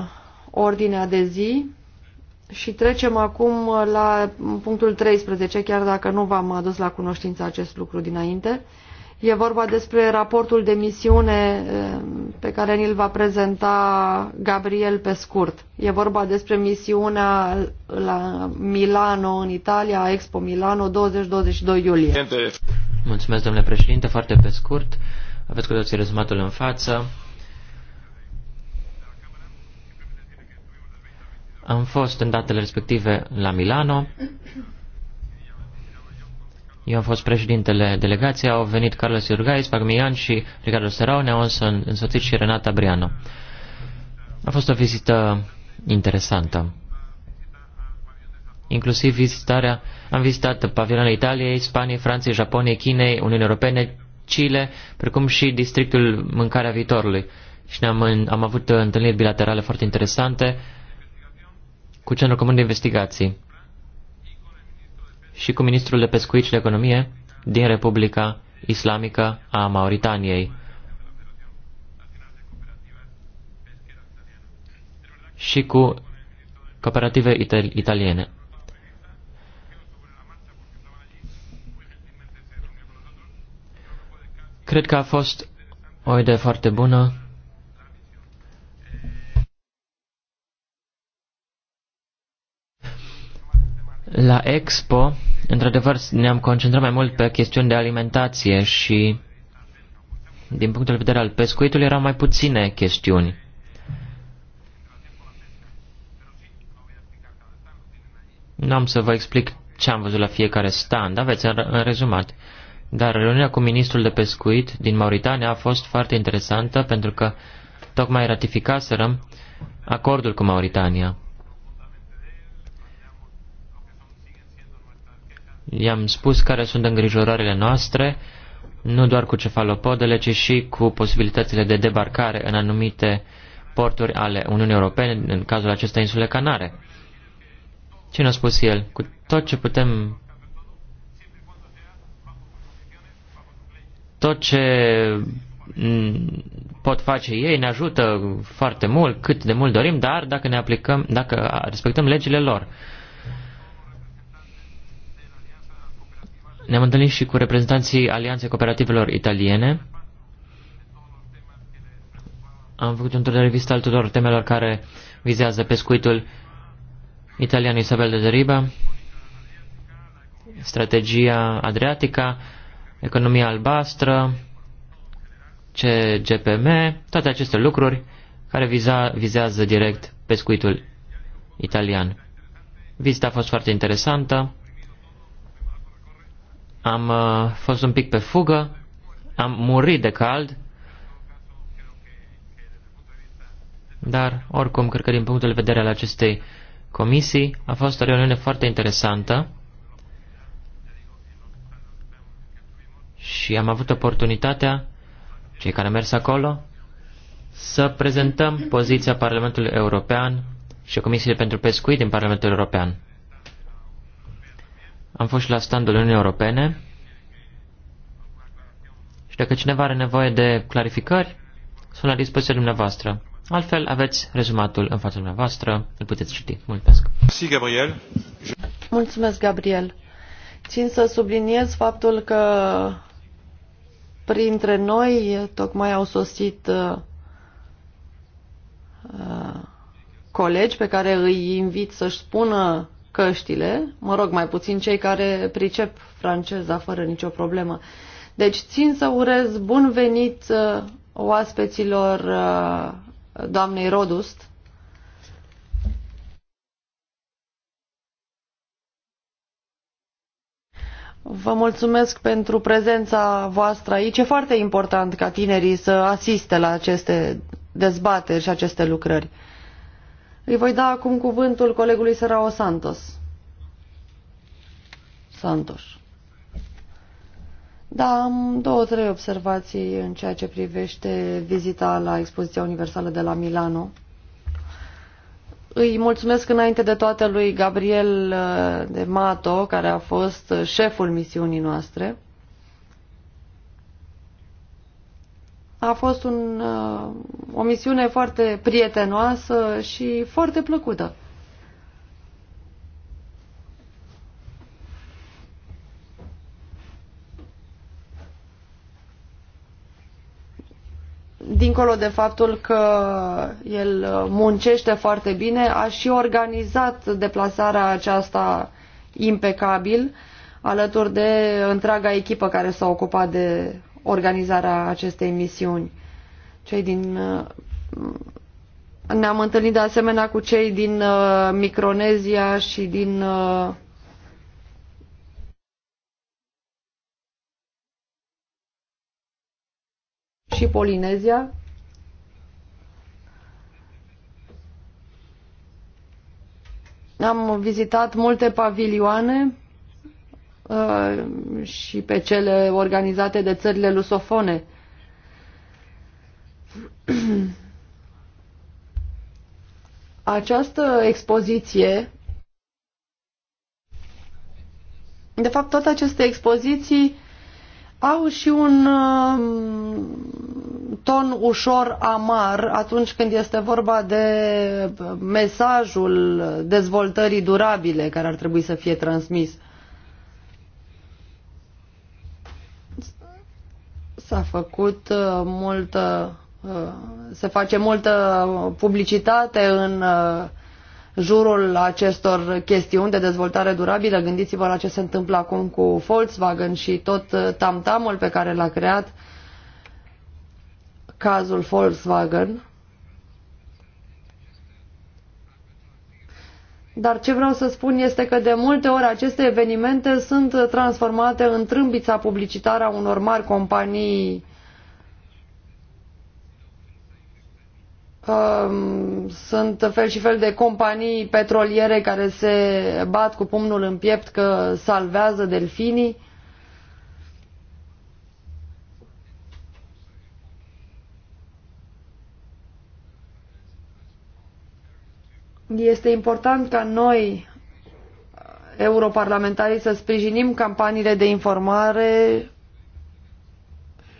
ordinea de zi și trecem acum la punctul 13, chiar dacă nu v-am adus la cunoștință acest lucru dinainte. Uh, E vorba despre raportul de misiune eh, pe care ni-l va prezenta Gabriel pe scurt. E vorba despre misiunea la Milano, în Italia, Expo Milano, 20-22 iulie. Mulțumesc, domnule președinte, foarte pe scurt. Aveți cu toții rezumatul în față. Am fost în datele respective la Milano. Eu am fost președintele delegației, au venit Carlos Iurgais, Pagmian și Ricardo Serau, ne-au însoțit și Renata Briano. A fost o vizită interesantă. Inclusiv vizitarea, am vizitat pavilionul Italiei, Spaniei, Franței, Japoniei, Chinei, Uniunii Europene, Chile, precum și districtul Mâncarea Viitorului. Și ne-am, am avut întâlniri bilaterale foarte interesante cu Centrul Comun de Investigații și cu ministrul de pescuit și de economie din Republica Islamică a Mauritaniei. și cu cooperative itali italiene. Cred că a fost o idee foarte bună La Expo, într-adevăr, ne-am concentrat mai mult pe chestiuni de alimentație și, din punctul de vedere al pescuitului, erau mai puține chestiuni. Nu am să vă explic ce am văzut la fiecare stand, aveți în rezumat. Dar reuniunea cu ministrul de pescuit din Mauritania a fost foarte interesantă pentru că tocmai ratificaserăm acordul cu Mauritania. I-am spus care sunt îngrijorările noastre, nu doar cu cefalopodele, ci și cu posibilitățile de debarcare în anumite porturi ale Uniunii Europene, în cazul acesta insule Canare. Ce ne-a spus el? Cu tot ce putem tot ce pot face ei ne ajută foarte mult, cât de mult dorim, dar dacă ne aplicăm, dacă respectăm legile lor. Ne-am întâlnit și cu reprezentanții Alianței Cooperativelor Italiene. Am făcut un tur de revistă al tuturor temelor care vizează pescuitul italian Isabel de Deriba, strategia adriatică, economia albastră, CGPM, toate aceste lucruri care viza, vizează direct pescuitul italian. Vizita a fost foarte interesantă. Am uh, fost un pic pe fugă, am murit de cald, dar oricum, cred că din punctul de vedere al acestei comisii a fost o reuniune foarte interesantă și am avut oportunitatea, cei care au mers acolo, să prezentăm poziția Parlamentului European și Comisiei pentru Pescuit din Parlamentul European. Am fost și la standul Uniunii Europene și dacă cineva are nevoie de clarificări, sunt la dispoziția dumneavoastră. Altfel, aveți rezumatul în fața dumneavoastră, îl puteți citi. Mulțumesc! Gabriel. Mulțumesc, Gabriel! Țin să subliniez faptul că printre noi tocmai au sosit uh, uh, colegi pe care îi invit să-și spună căștile, mă rog, mai puțin cei care pricep franceza fără nicio problemă. Deci țin să urez bun venit uh, oaspeților uh, doamnei Rodust. Vă mulțumesc pentru prezența voastră aici. E foarte important ca tinerii să asiste la aceste dezbateri și aceste lucrări. Îi voi da acum cuvântul colegului Serao Santos. Santos. Da, am două, trei observații în ceea ce privește vizita la expoziția universală de la Milano. Îi mulțumesc înainte de toate lui Gabriel uh, de Mato, care a fost uh, șeful misiunii noastre. A fost un, uh, o misiune foarte prietenoasă și foarte plăcută. dincolo de faptul că el uh, muncește foarte bine, a și organizat deplasarea aceasta impecabil, alături de întreaga echipă care s-a ocupat de organizarea acestei misiuni. Cei din uh, ne-am întâlnit de asemenea cu cei din uh, Micronezia și din uh, și Polinezia. Am vizitat multe pavilioane Uh, și pe cele organizate de țările lusofone. *clears throat* Această expoziție, de fapt toate aceste expoziții au și un um, ton ușor amar atunci când este vorba de mesajul dezvoltării durabile care ar trebui să fie transmis. S-a făcut uh, multă, uh, se face multă publicitate în uh, jurul acestor chestiuni de dezvoltare durabilă. Gândiți-vă la ce se întâmplă acum cu Volkswagen și tot tamtamul pe care l-a creat cazul Volkswagen. Dar ce vreau să spun este că de multe ori aceste evenimente sunt transformate în trâmbița publicitară a unor mari companii um, sunt fel și fel de companii petroliere care se bat cu pumnul în piept că salvează delfinii. Este important ca noi, europarlamentarii, să sprijinim campaniile de informare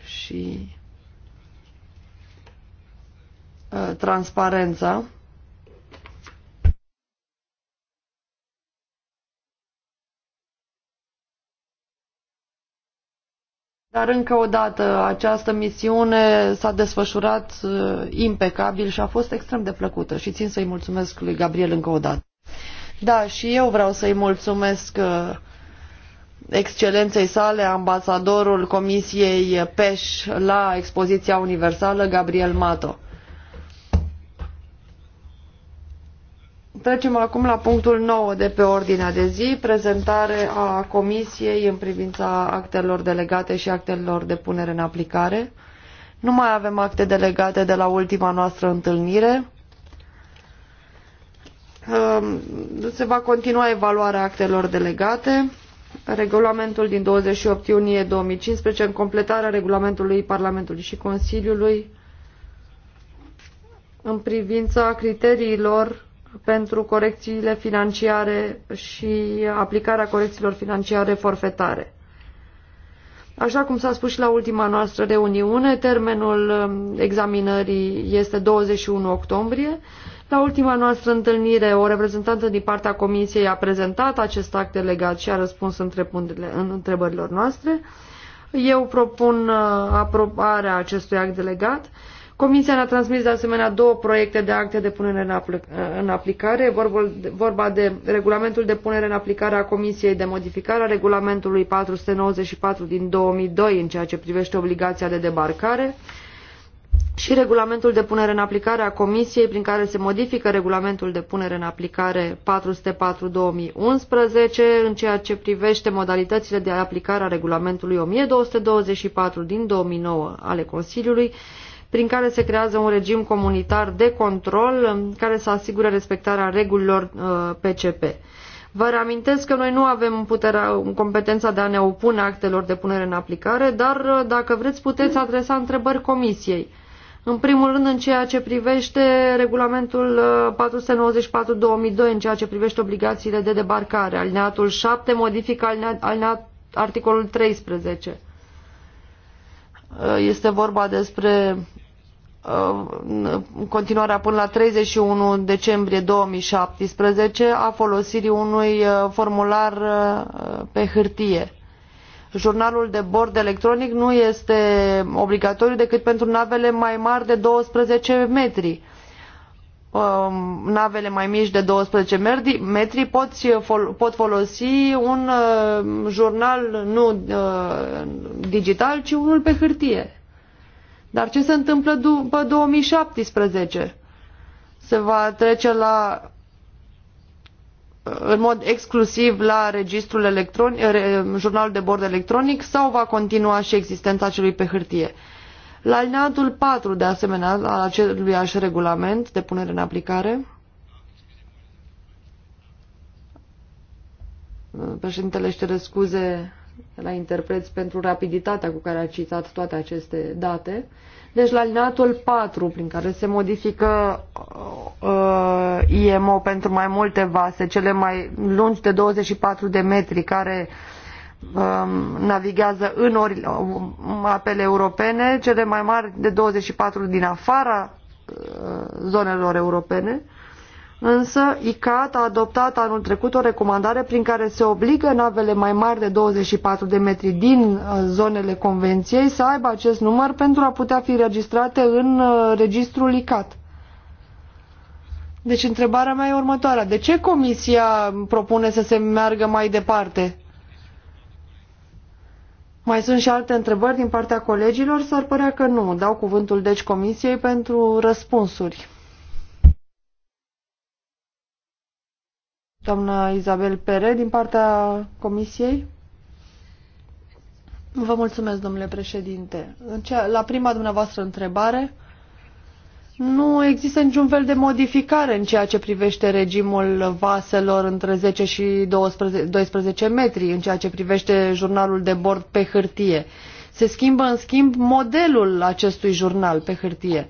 și uh, transparența. Dar încă o dată, această misiune s-a desfășurat uh, impecabil și a fost extrem de plăcută și țin să-i mulțumesc lui Gabriel încă o dată. Da, și eu vreau să-i mulțumesc uh, excelenței sale, ambasadorul Comisiei PEș la expoziția universală, Gabriel Mato. Trecem acum la punctul 9 de pe ordinea de zi, prezentare a Comisiei în privința actelor delegate și actelor de punere în aplicare. Nu mai avem acte delegate de la ultima noastră întâlnire. Ehm, se va continua evaluarea actelor delegate. Regulamentul din 28 iunie 2015, în completarea regulamentului Parlamentului și Consiliului, în privința criteriilor pentru corecțiile financiare și aplicarea corecțiilor financiare forfetare. Așa cum s-a spus și la ultima noastră reuniune, termenul um, examinării este 21 octombrie. La ultima noastră întâlnire, o reprezentantă din partea Comisiei a prezentat acest act delegat și a răspuns în întrebărilor noastre. Eu propun uh, aprobarea acestui act delegat Comisia ne-a transmis de asemenea două proiecte de acte de punere în, apl- în aplicare, vorba de regulamentul de punere în aplicare a Comisiei de modificare a regulamentului 494 din 2002 în ceea ce privește obligația de debarcare și regulamentul de punere în aplicare a Comisiei prin care se modifică regulamentul de punere în aplicare 404-2011 în ceea ce privește modalitățile de aplicare a regulamentului 1224 din 2009 ale Consiliului prin care se creează un regim comunitar de control um, care să asigure respectarea regulilor PCP. Uh, Vă reamintesc că noi nu avem puterea, competența de a ne opune actelor de punere în aplicare, dar uh, dacă vreți puteți adresa întrebări comisiei. În primul rând în ceea ce privește regulamentul 494-2002 uh, în ceea ce privește obligațiile de debarcare. Alineatul 7 modifică alineat, alineat, articolul 13. Uh, este vorba despre uh, continuarea până la 31 decembrie 2017 a folosirii unui uh, formular pe hârtie. Jurnalul de bord electronic nu este obligatoriu decât pentru navele mai mari de 12 metri Um, navele mai mici de 12 metri pot, uh, pot folosi un uh, jurnal nu uh, digital, ci unul pe hârtie. Dar ce se întâmplă după 2017? Se va trece la în mod exclusiv la registrul electronic, jurnal de bord electronic sau va continua și existența celui pe hârtie? La alineatul 4, de asemenea, al așa regulament de punere în aplicare, președintele își cere scuze la interpreți pentru rapiditatea cu care a citat toate aceste date. Deci la alineatul 4, prin care se modifică uh, uh IMO pentru mai multe vase, cele mai lungi de 24 de metri, care uh, Um, navighează în um, apele europene, cele mai mari de 24 din afara uh, zonelor europene, însă ICAT a adoptat anul trecut o recomandare prin care se obligă navele mai mari de 24 de metri din uh, zonele convenției să aibă acest număr pentru a putea fi registrate în uh, registrul ICAT. Deci întrebarea mea e următoarea. De ce Comisia propune să se meargă mai departe? Mai sunt și alte întrebări din partea colegilor? S-ar părea că nu. Dau cuvântul deci Comisiei pentru răspunsuri. Doamna Izabel Pere, din partea Comisiei. Vă mulțumesc, domnule președinte. La prima dumneavoastră întrebare, nu există niciun fel de modificare în ceea ce privește regimul vaselor între 10 și 12, 12 metri, în ceea ce privește jurnalul de bord pe hârtie. Se schimbă, în schimb, modelul acestui jurnal pe hârtie.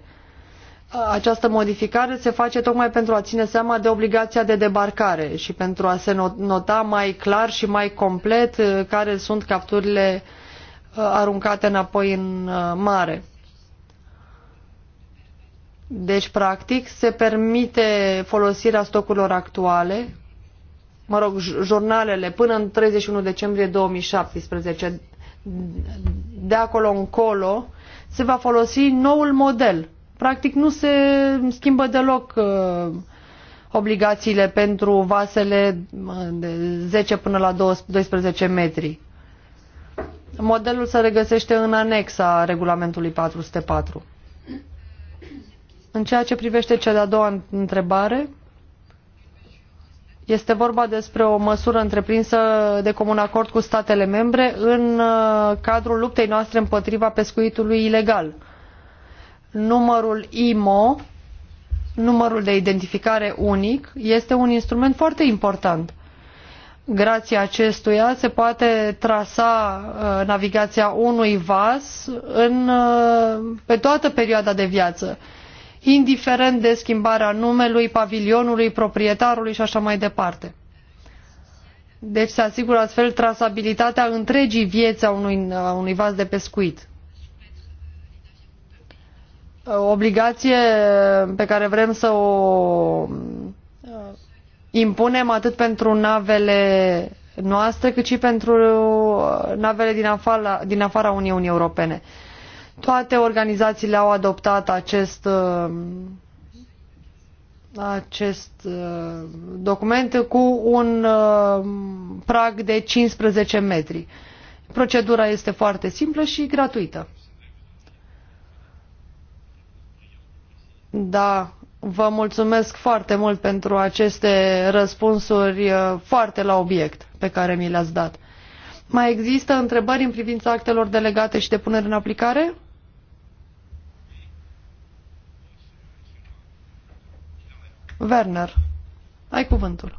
Această modificare se face tocmai pentru a ține seama de obligația de debarcare și pentru a se nota mai clar și mai complet uh, care sunt capturile uh, aruncate înapoi în uh, mare. Deci, practic, se permite folosirea stocurilor actuale, mă rog, jurnalele, până în 31 decembrie 2017. De acolo încolo se va folosi noul model. Practic nu se schimbă deloc uh, obligațiile pentru vasele de 10 până la 12 metri. Modelul se regăsește în anexa regulamentului 404. În ceea ce privește cea de-a doua întrebare, este vorba despre o măsură întreprinsă de comun acord cu statele membre în uh, cadrul luptei noastre împotriva pescuitului ilegal. Numărul IMO, numărul de identificare unic, este un instrument foarte important. Grație acestuia se poate trasa uh, navigația unui vas în, uh, pe toată perioada de viață indiferent de schimbarea numelui, pavilionului, proprietarului și așa mai departe. Deci se asigură astfel trasabilitatea întregii vieți a unui, a unui vas de pescuit. O obligație pe care vrem să o uh, impunem atât pentru navele noastre cât și pentru uh, navele din afara, din afara Uniunii Europene. Toate organizațiile au adoptat acest, uh, acest uh, document cu un uh, prag de 15 metri. Procedura este foarte simplă și gratuită. Da, vă mulțumesc foarte mult pentru aceste răspunsuri foarte la obiect pe care mi le-ați dat. Mai există întrebări în privința actelor delegate și de punere în aplicare? Werner, ai cuvântul.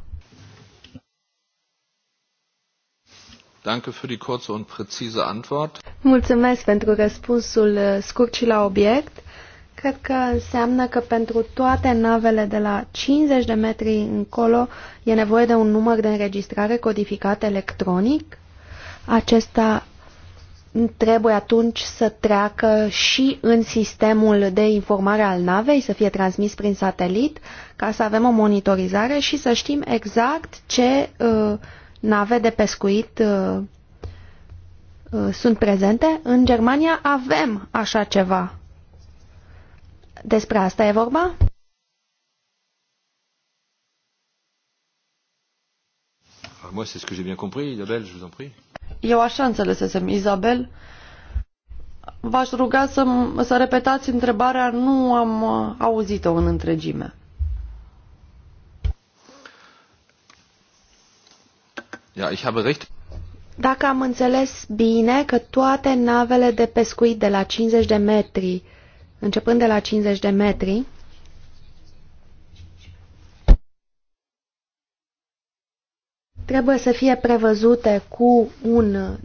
Danke für die kurze und präzise Antwort. Mulțumesc pentru răspunsul uh, scurt și la obiect. Cred că înseamnă că pentru toate navele de la 50 de metri încolo e nevoie de un număr de înregistrare codificat electronic. Acesta trebuie atunci să treacă și în sistemul de informare al navei, să fie transmis prin satelit, ca să avem o monitorizare și să știm exact ce uh, nave de pescuit uh, uh, sunt prezente. În Germania avem așa ceva. Despre asta e vorba? Moi, c'est ce que j'ai bien compris. Isabelle, je vous en prie eu așa înțelesesem, Izabel, v-aș ruga să, să repetați întrebarea, nu am uh, auzit-o în întregime. Ja, ich habe recht. Dacă am înțeles bine că toate navele de pescuit de la 50 de metri, începând de la 50 de metri, trebuie să fie prevăzute cu un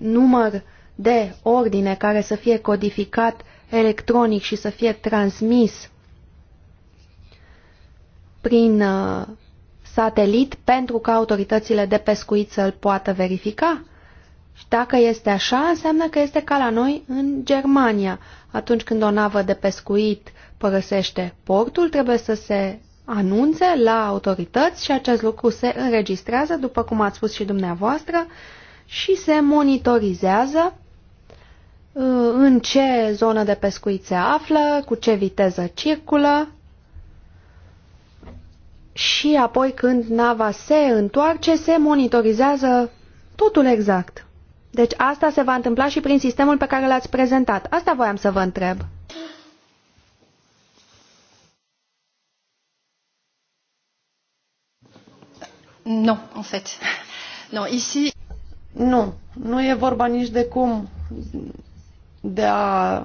număr de ordine care să fie codificat electronic și să fie transmis prin uh, satelit pentru ca autoritățile de pescuit să-l poată verifica? Și dacă este așa, înseamnă că este ca la noi în Germania. Atunci când o navă de pescuit părăsește portul, trebuie să se anunțe la autorități și acest lucru se înregistrează, după cum ați spus și dumneavoastră, și se monitorizează uh, în ce zonă de pescuit se află, cu ce viteză circulă și apoi când nava se întoarce, se monitorizează totul exact. Deci asta se va întâmpla și prin sistemul pe care l-ați prezentat. Asta voiam să vă întreb. Non, en fait. Non, ici... Nu, nu e vorba nici de cum de a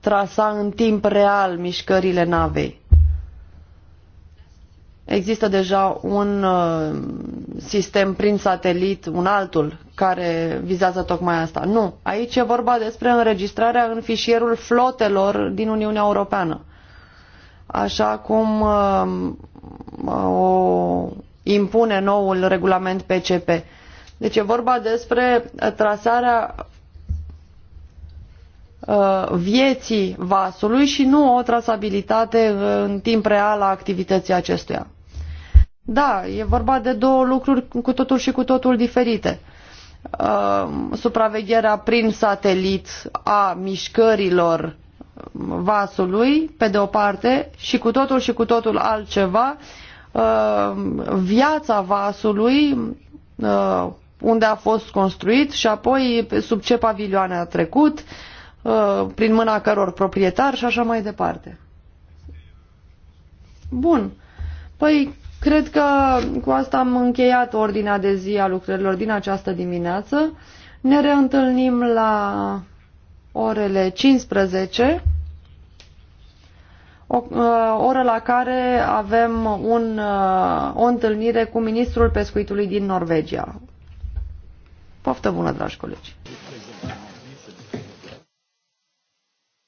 trasa în timp real mișcările navei. Există deja un uh, sistem prin satelit, un altul, care vizează tocmai asta. Nu, aici e vorba despre înregistrarea în fișierul flotelor din Uniunea Europeană. Așa cum uh, uh o impune noul regulament PCP. Deci e vorba despre trasarea uh, vieții vasului și nu o trasabilitate în timp real a activității acestuia. Da, e vorba de două lucruri cu totul și cu totul diferite. Uh, supravegherea prin satelit a mișcărilor vasului, pe de o parte, și cu totul și cu totul altceva Uh, viața vasului uh, unde a fost construit și apoi sub ce pavilioane a trecut, uh, prin mâna căror proprietar și așa mai departe. Bun. Păi, cred că cu asta am încheiat ordinea de zi a lucrărilor din această dimineață. Ne reîntâlnim la orele 15 o uh, oră la care avem un, uh, o întâlnire cu ministrul pescuitului din Norvegia. Poftă bună, dragi colegi!